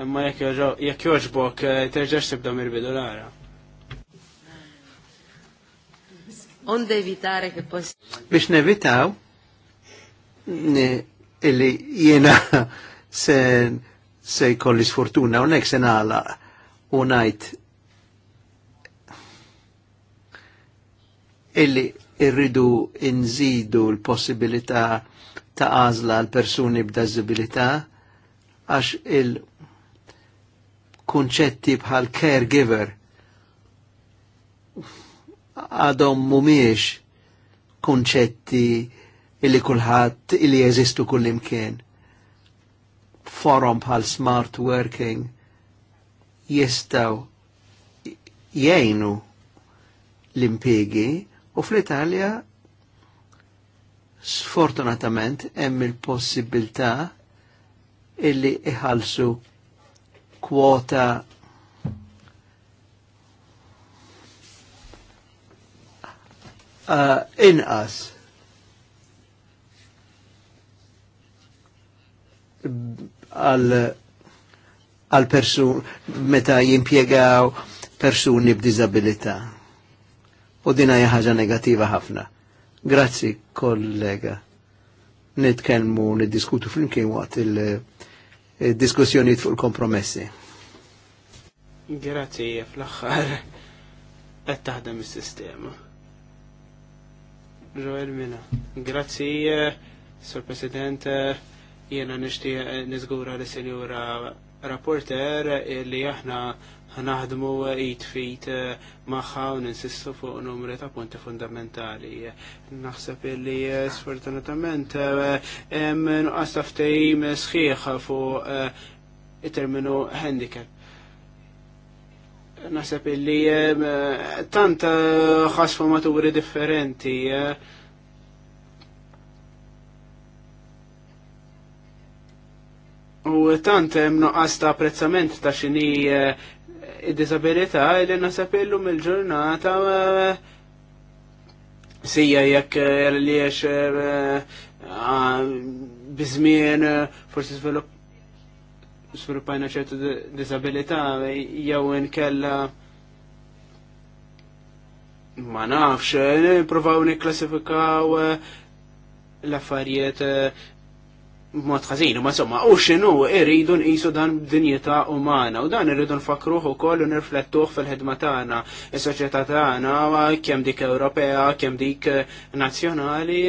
Imma jekk joġbok e, terġax tibda mill-bidu l-ara. Onde evitare che poi... Biex nevitaw, illi jena se se u sfortuna unek se nala najt illi irridu inżidu l-possibilità ta' għazla l persuni b'dażibilità għax il-kunċetti bħal caregiver għadhom mumiex kunċetti illi kulħadd illi jeżistu kullimkien. Forum bħal smart working jistaw jgħinu l-impiegi u fl-Italja sfortunatament hemm il-possibilità illi iħalsu kwota uh, inqas għal persun meta jimpiegaw persuni b'dizabilità. U dina ħaġa negativa ħafna. Grazzi, kollega. Nitkelmu, niddiskutu diskutu flimkien waqt il eh, diskussjoni fuq il-kompromessi. Grazzi, fl-axħar, qed taħdem il sistema Joel Mina. Grazzi, eh, Sur President, eh, Jena nishtiq nizgura li senjura rapporter li aħna naħdmu it fit eh, maħħa u ninsistu fuq numri ta' punti fundamentali. Naħseb li eh, sfortunatament eh, nuqqas taftejim sħiħ fuq terminu handicap. Naħseb li tant ħasfu maturi differenti. U tant hemm noqqas ta' apprezzament ta' xini eh, id-disabilità li nasab illum il-ġurnata eh, sija jekk eh, li għax bizmien forsi sviluppajna ċertu disabilità jew inkella ma nafx, provaw niklassifikaw l-affarijiet mod ħażin, ma somma, u x'inhu iridu nqisu dan dinjità umana u dan irridu nfakruh ukoll u nirflettuh fil-ħidma tagħna, is-soċjetà tagħna kemm dik Ewropea, kemm dik eh, nazzjonali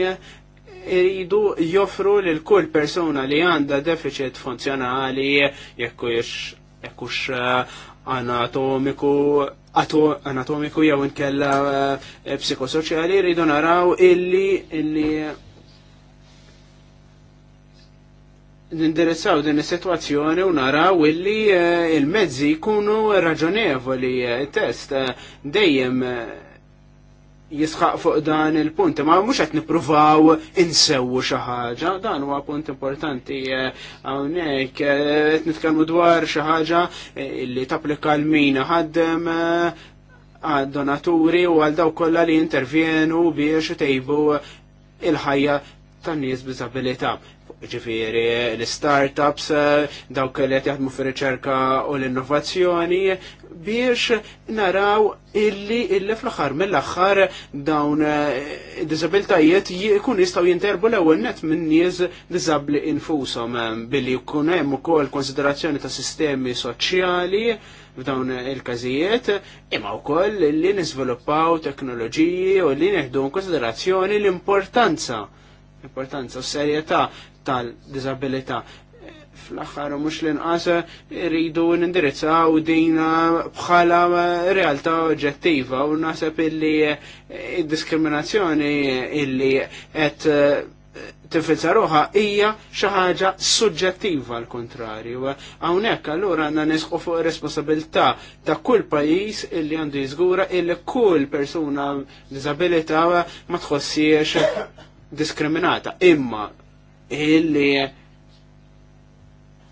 iridu joffru lil kull persuna li għandha deficit funzjonali jekk jekkux eh, anatomiku anatomiku jew inkella eh, psikosoċjali jridu naraw illi illi nindirizzaw din is-sitwazzjoni u naraw illi eh, il-mezzi jkunu raġonevoli eh, test eh, dejjem jisħaq fuq dan il-punt, ma mhux qed nippruvaw insewwu xi ħaġa, dan huwa punt importanti hawnhekk qed nitkellmu dwar xi ħaġa li tapplika l min ħaddem għad donaturi u għal daw kollha li intervjenu biex tejbu il-ħajja tan nies b'izabilità ġifiri l-startups, eh, dawk li qed jaħdmu fir-riċerka u l-innovazzjoni biex naraw illi illi fl-aħħar mill-aħħar dawn id-diżabiltajiet eh, jkun jistgħu jinterbu l-ewwel net minn nies diżabbli infushom eh, billi jkun hemm ukoll konsiderazzjoni ta' sistemi soċjali f'dawn il-każijiet, imma wkoll li niżviluppaw teknoloġiji u li neħdu konsiderazzjoni l-importanza importanza u serjetà tal disabilita Fl-axħar mhux l-inqas rridu nindirizzaw dina bħala realtà oġġettiva u naħseb illi eh, diskriminazzjoni illi qed eh, tifilza roħa hija xi ħaġa suġġettiva l kontrarju Hawnhekk allura għandna nisqu fuq responsabilità ta' kull pajjiż illi għandu jiżgura illi kull persuna b'diżabilità ma tħossiex diskriminata. Imma illi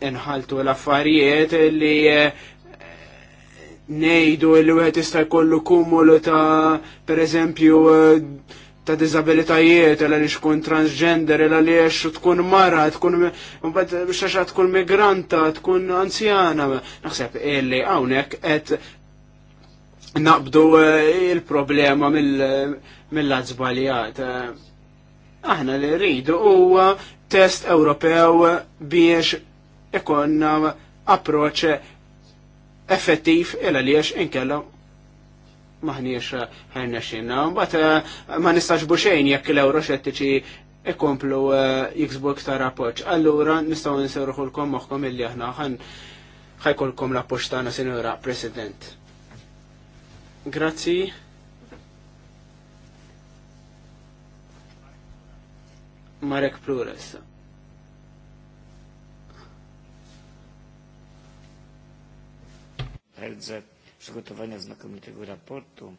inħaltu l-affarijiet illi eh, nejdu illi wieħed jista' jkollu kumulu ta' pereżempju eh, ta' dizabilitajiet, illa li tkun transgender, illa li tkun mara, tkun xaxa tkun migranta, tkun anzjana. Naħseb illi hawnhekk qed naqbdu eh, il-problema mill-azbaljat. Aħna li rridu huwa test Ewropew biex ikonna approċ effettiv il għaliex inkella maħniex ħajna xinna. Bat eh, ma nistax buxejn jekk l-euroxettiċi ikomplu eh, jiksbu ta' appoġġ. Allura nistgħu nserħulkom moħħkom illi aħna ħan ħajkolkom l-appoġġ tagħna Sinjura President. Grazzi. Marek Plures. Za przygotowania znakomitego raportu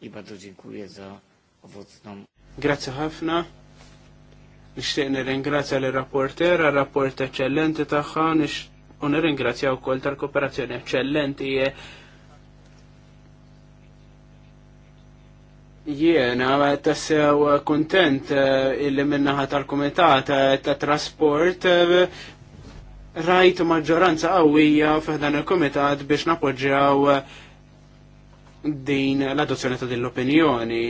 i bardzo dziękuję za owocną. Grazie Hafna. Nixtieq nirringrazzja l rapportera rapport eċċellenti tagħha, u nirringrazzja wkoll tal-kooperazzjoni eċċellenti Jiena, tassew kontent eh, illi minnaħat tal-Komitat eh, ta' Trasport eh, rajt maġġoranza qawwija f'dan il-Komitat biex napoġġjaw din l-adozzjoni ta' din l-opinjoni.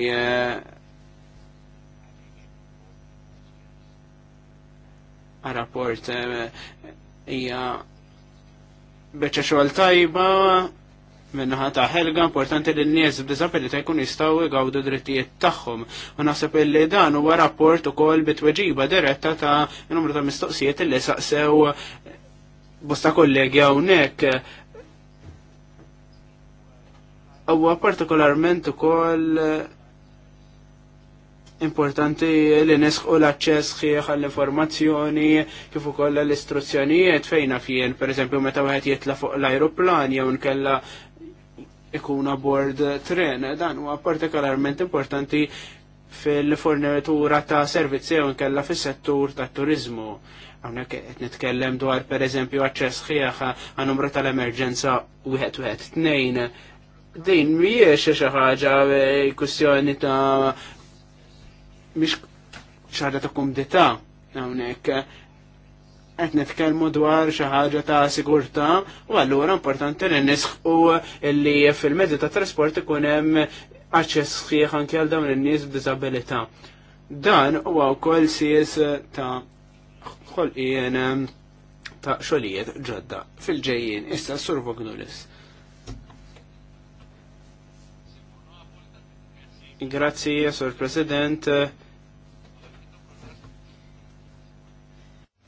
A rapport hija beċċa xogħol tajba minnaħa ta' ħelga importanti li n-nies b'disabilità jkun jistgħu jgawdu drittijiet tagħhom. U naħseb illi dan huwa rapport ukoll bitweġiba diretta ta' numru ta' mistoqsijiet li saqsew bosta kollegi hawnhekk. Huwa partikolarment ukoll importanti li nesħu l-access xieħ għall-informazzjoni kif ukoll l-istruzzjonijiet fejna fien, per eżempju meta wieħed jitla fuq l-ajruplan jew nkella ikun abord tren. Dan huwa partikolarment importanti fil-fornitura ta' servizzi u nkella fis-settur ta' turizmu. Hawnhekk qed nitkellem dwar pereżempju aċċess ħieħ għan numru tal-emerġenza wieħed wieħed tnejn. Din mhijiex xi ħaġa eh, kwistjoni ta' mhix ċara ta' kumdità hawnhekk qed nitkellmu dwar xi ħaġa ta' sigurtà u allura importanti li nisħu li fil-mezzi ta' trasport ikun hemm aċċess sħiħ anke għal dawn in-nies b'diżabilità. Dan huwa wkoll sies ta' ħolqien ta' xogħlijiet ġodda fil-ġejjin issa Sur gnulis. Grazzi, Sur President.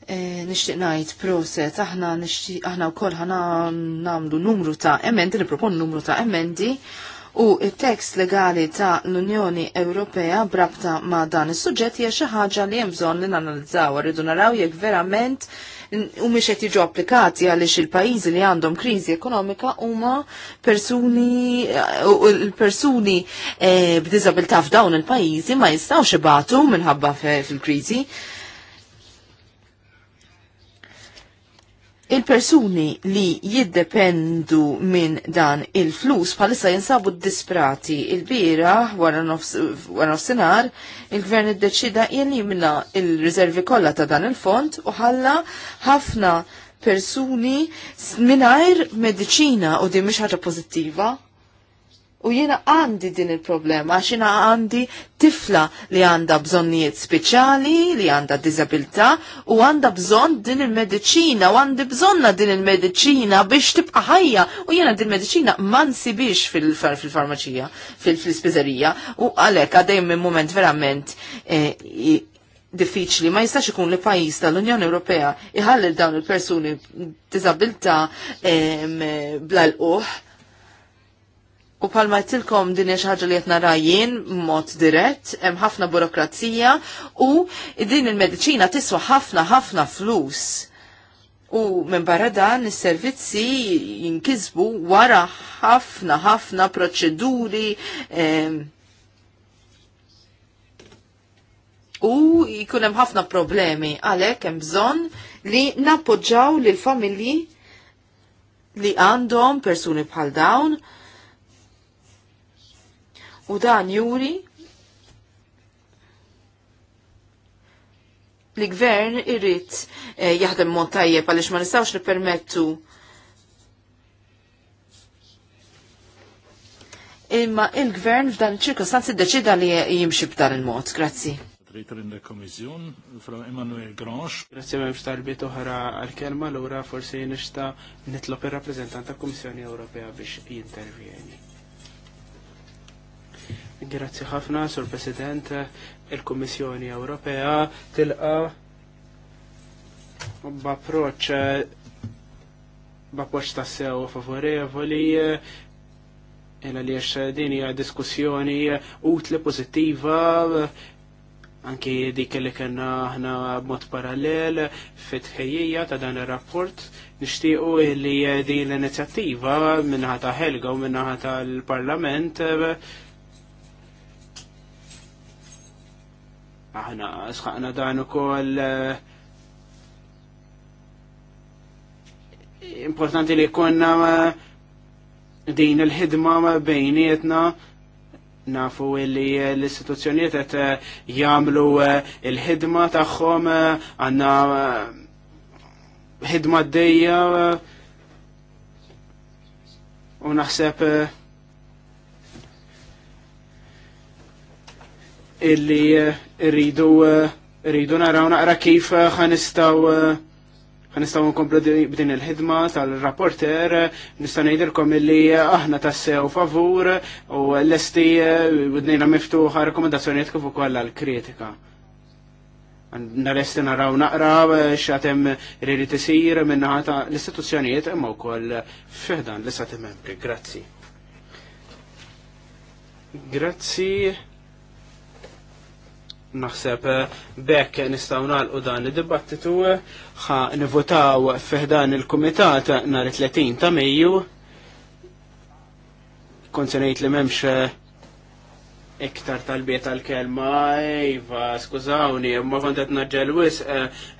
Eh, nishtiq najt proset, aħna nishtiq, aħna u koll ħana namlu numru ta' emendi, nipropon numru ta' emendi, u il-tekst legali ta' l-Unjoni Ewropea brabta ma' dan is suġġett hija xi ħaġa li hemm bżonn li nanalizzaw rridu naraw jekk verament u mhix qed jiġu applikati għaliex il-pajjiżi li għandhom kriżi ekonomika huma persuni l-persuni eh, b'diżabilità f'dawn il-pajjiżi ma jistgħux ibatu minħabba fil-kriżi il-persuni li jiddependu minn dan il-flus bħalissa jinsabu disprati il-bira wara nofsinar il-gvern id-deċida jelimna il-rizervi kollha ta' dan il-fond u ħalla ħafna persuni minajr medicina u di mhix ħaġa pożittiva U jiena għandi din il-problema, għax jiena għandi tifla li għanda bżonnijiet speċjali, li għanda disabilità, u għanda bżon din il-medicina, u għandi bżonna din il-medicina biex tibqa ħajja, u jiena din il-medicina mansi biex fil-farmaċija, fil-spizzerija, u għalek għadem minn moment verament eh, diffiċli, ma jistax ikun li pajis tal-Unjoni Ewropea iħallil dawn il-persuni disabilta bla l-uħ U palma jtilkom din ħaġa li jtna rajin, mod dirett, hemm ħafna burokrazija u din il-medicina tiswa ħafna ħafna flus. U minn barra dan is-servizzi jinkizbu wara ħafna ħafna proċeduri u jkun hemm ħafna problemi għalhekk hemm bżonn li nappoġġaw lil familji li għandhom persuni bħal dawn U dan juri li gvern irrit eh, jaħdem mod tajjeb għaliex ma nistgħux nippermettu Imma il-gvern f'dan ċirkostanzi deċida li jimxi b'dan il-mod. Grazzi. Rejter in komissjon fra Emanuel Grange. Grazie memx talbiet oħra għal-kelma l-ura forsi nishta nitlob il rappresentanta ta' Komissjoni Ewropea biex jintervjeni. Grazzi ħafna, Sur President, il-Kommissjoni Ewropea tilqa b'approċċ b'approċċ ta' sew favorevoli il li din hija diskussjoni utli pożittiva anki dik li kellna aħna b'mod parallel fit-ħejjija ta' dan ir-rapport nixtiequ li din l-inizjattiva minnaħa ta' Helga u minnaħa tal-Parlament Aħna sħaqna dan ukoll eh, importanti li konna eh, din il-ħidma bejnietna nafu li l-istituzzjonijiet qed eh, jagħmlu il-ħidma tagħhom għandna ħidma d-dejja u naħseb illi eh, rridu eh, rridu naraw naqra kif eh, ħanistaw ħanistaw nkomplu b'din il-ħidma tal-rapporter, nista' ngħidilkom illi aħna tassew favur u lesti b'dnejna miftuħa rakkomandazzjonijiet kif ukoll għall-kritika. Nalesti naraw naqra xatem rriri tisir minnaħa ta' l-istituzzjonijiet imma wkoll fiħdan l-istati membri. Grazzi. Grazzi naħseb eh, bekk nistaw nalqu dan id-dibattitu eh, ħa nivotaw fiħdan il-Kumitat nhar 30 ta' Mejju. Kont li m'hemmx eh, iktar tal-biet tal-kelma, iva, skużawni, ma kont naġġel wis,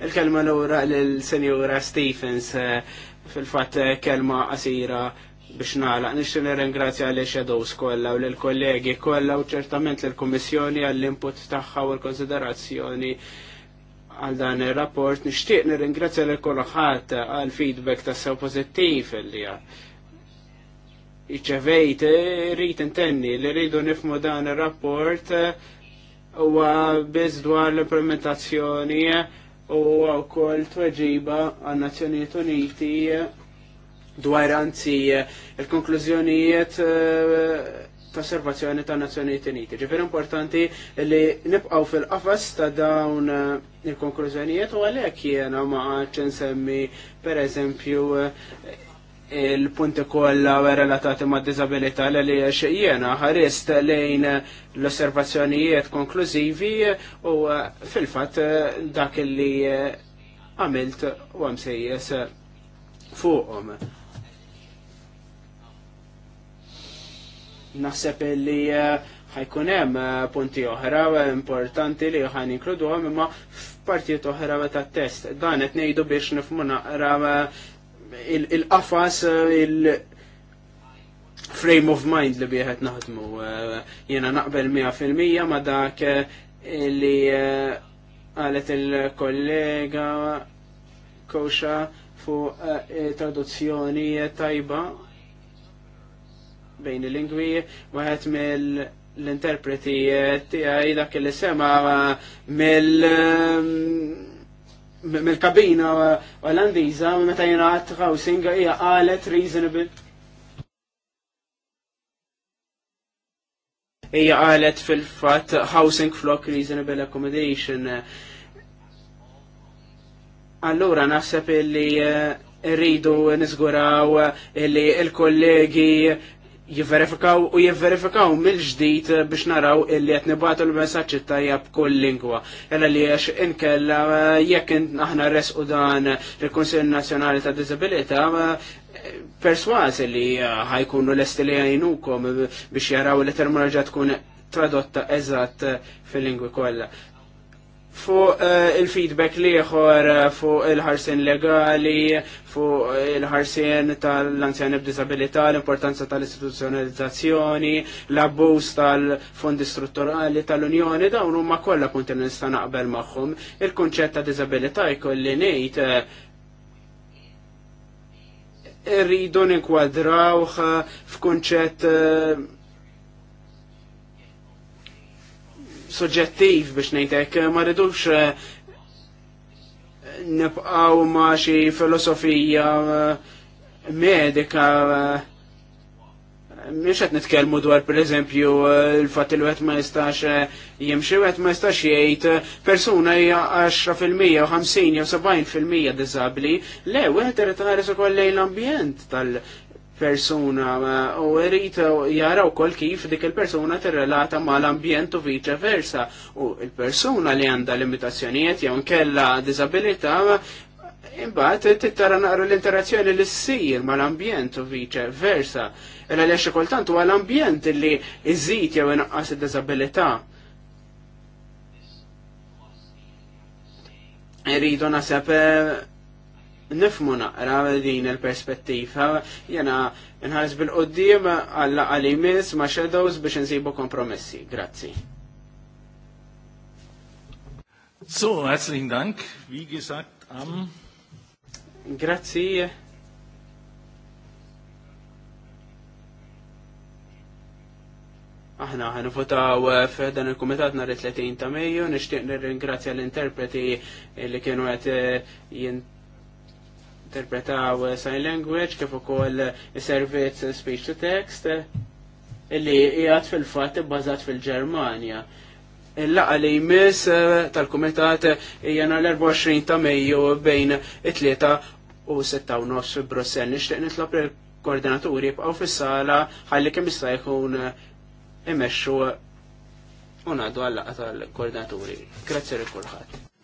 il-kelma l-ura l-Senjura Stephens fil fat kelma asira biex naħlaq nixti nirringrazzja għal shadows kollha u lill-kollegi kollha u ċertament lill-Kummissjoni għall-input tagħha u l-konsiderazzjoni għal dan ir-rapport. Nixtieq nirringrazzja lil kulħadd għal feedback tas sew pożittiv li iċċevejt rrid intenni li rridu nifmu dan ir-rapport eh, huwa biss dwar l-implementazzjoni u wkoll tweġiba għan-Nazzjonijiet Uniti dwar anzi eh, il-konklużjonijiet eh, ta' osservazzjoni ta' Nazzjonijiet Uniti. Ġifier importanti li nibqgħu fil-qafas ta' dawn eh, il-konklużjonijiet u għalhekk jiena ma insemmi pereżempju il-punti kollha relatati ma' disabilità li jiena ħarist lejn l-osservazzjonijiet konklużivi u fil-fatt dak li għamilt u għamsejjes fuqhom. naħseb li eh, ħajkun hemm eh, punti oħra eh, importanti li ħan inkluduhom imma f'partijiet oħra tat-test. Dan qed ngħidu biex nifhmu naqra il-qafas il frame of mind li bieħed naħdmu. Jena naqbel 100% ma dak li għalet il-kollega kosha fu traduzzjoni tajba bejn il-lingwi, waħed mill l-interpreti tiegħi dak li sema mill um, mill-kabina Olandiża meta jingħad housing hija qalet reasonable. Hija qalet fil-fatt housing flock reasonable accommodation. Allura naħseb illi uh, rridu nizguraw li l-kollegi jivverifikaw u jivverifikaw mill-ġdijt eh, biex naraw illi qed nibatu l-messagġi tajab kull lingwa. Jalla li għax inkella eh, jekk aħna res u dan il-Konsil Nazzjonali ta' Disabilita eh, perswas li ħajkunu l estili li għajnukom biex jaraw li terminoloġija tkun tradotta eżatt fil-lingwi kollha fuq eh, il-feedback liħor eh, fuq il-ħarsin legali, fuq eh, il-ħarsin tal-anzjani b'disabilità, l-importanza tal-istituzjonalizzazzjoni, l-abbuż tal-fondi strutturali tal-Unjoni, dawn huma kollha punti nista' naqbel magħhom. Il-kunċett ta' disabilità jkolli ngħid irridu ninkwadrawh f'kunċett soġġettiv biex ngħidlek, ma ridux eh, nibqaw ma xi filosofija eh, medika eh, Miex qed nitkellmu dwar pereżempju l-fatt li wieħed ma jistax jimxi wieħed ma jistax jgħid persuna hija 10% u 50 jew 70% diżabbli, le wieħed irid ħares ukoll lejn l-ambjent tal- persuna eh, u rrit eh, jaraw kol kif dik il-persuna tirrelata ma l-ambjent u vice versa u il-persuna li għanda limitazzjonijiet jew kella disabilità Imbagħad tittara naqra l-interazzjoni li ssir mal-ambjent u vice versa. Illa li kultant huwa l-ambjent li iżid jew inqas id-diżabilità. Irridu naseb eh, nifmu naqra din il-perspettiva jena nħares bil-qoddim għalla għalimis ma' shadows biex nżibu kompromessi. Grazzi. So, għazlin Dank. vi gesagt, am. Grazzi. Aħna ħan votaw eh, f'dan il-Kumitat nhar 30 ta' Mejju, nixtieq nirringrazzja l-interpreti li kienu qed eh, jint jinterpretaw eh, sign language kif ukoll is-servizz eh, eh, speech to text illi qiegħed fil-fatt ibbażat fil-Ġermanja. Il-laqa li jmiss tal-Kumitat hija l-24 ta' Mejju bejn it-tlieta u 6 u nofs fi Brussell. Nixtieq nitlob il-koordinaturi jibqgħu fis-sala ħalli kemm jista' jkun imexxu u ngħaddu għal-laqa tal-koordinaturi. Grazzi lil kulħadd.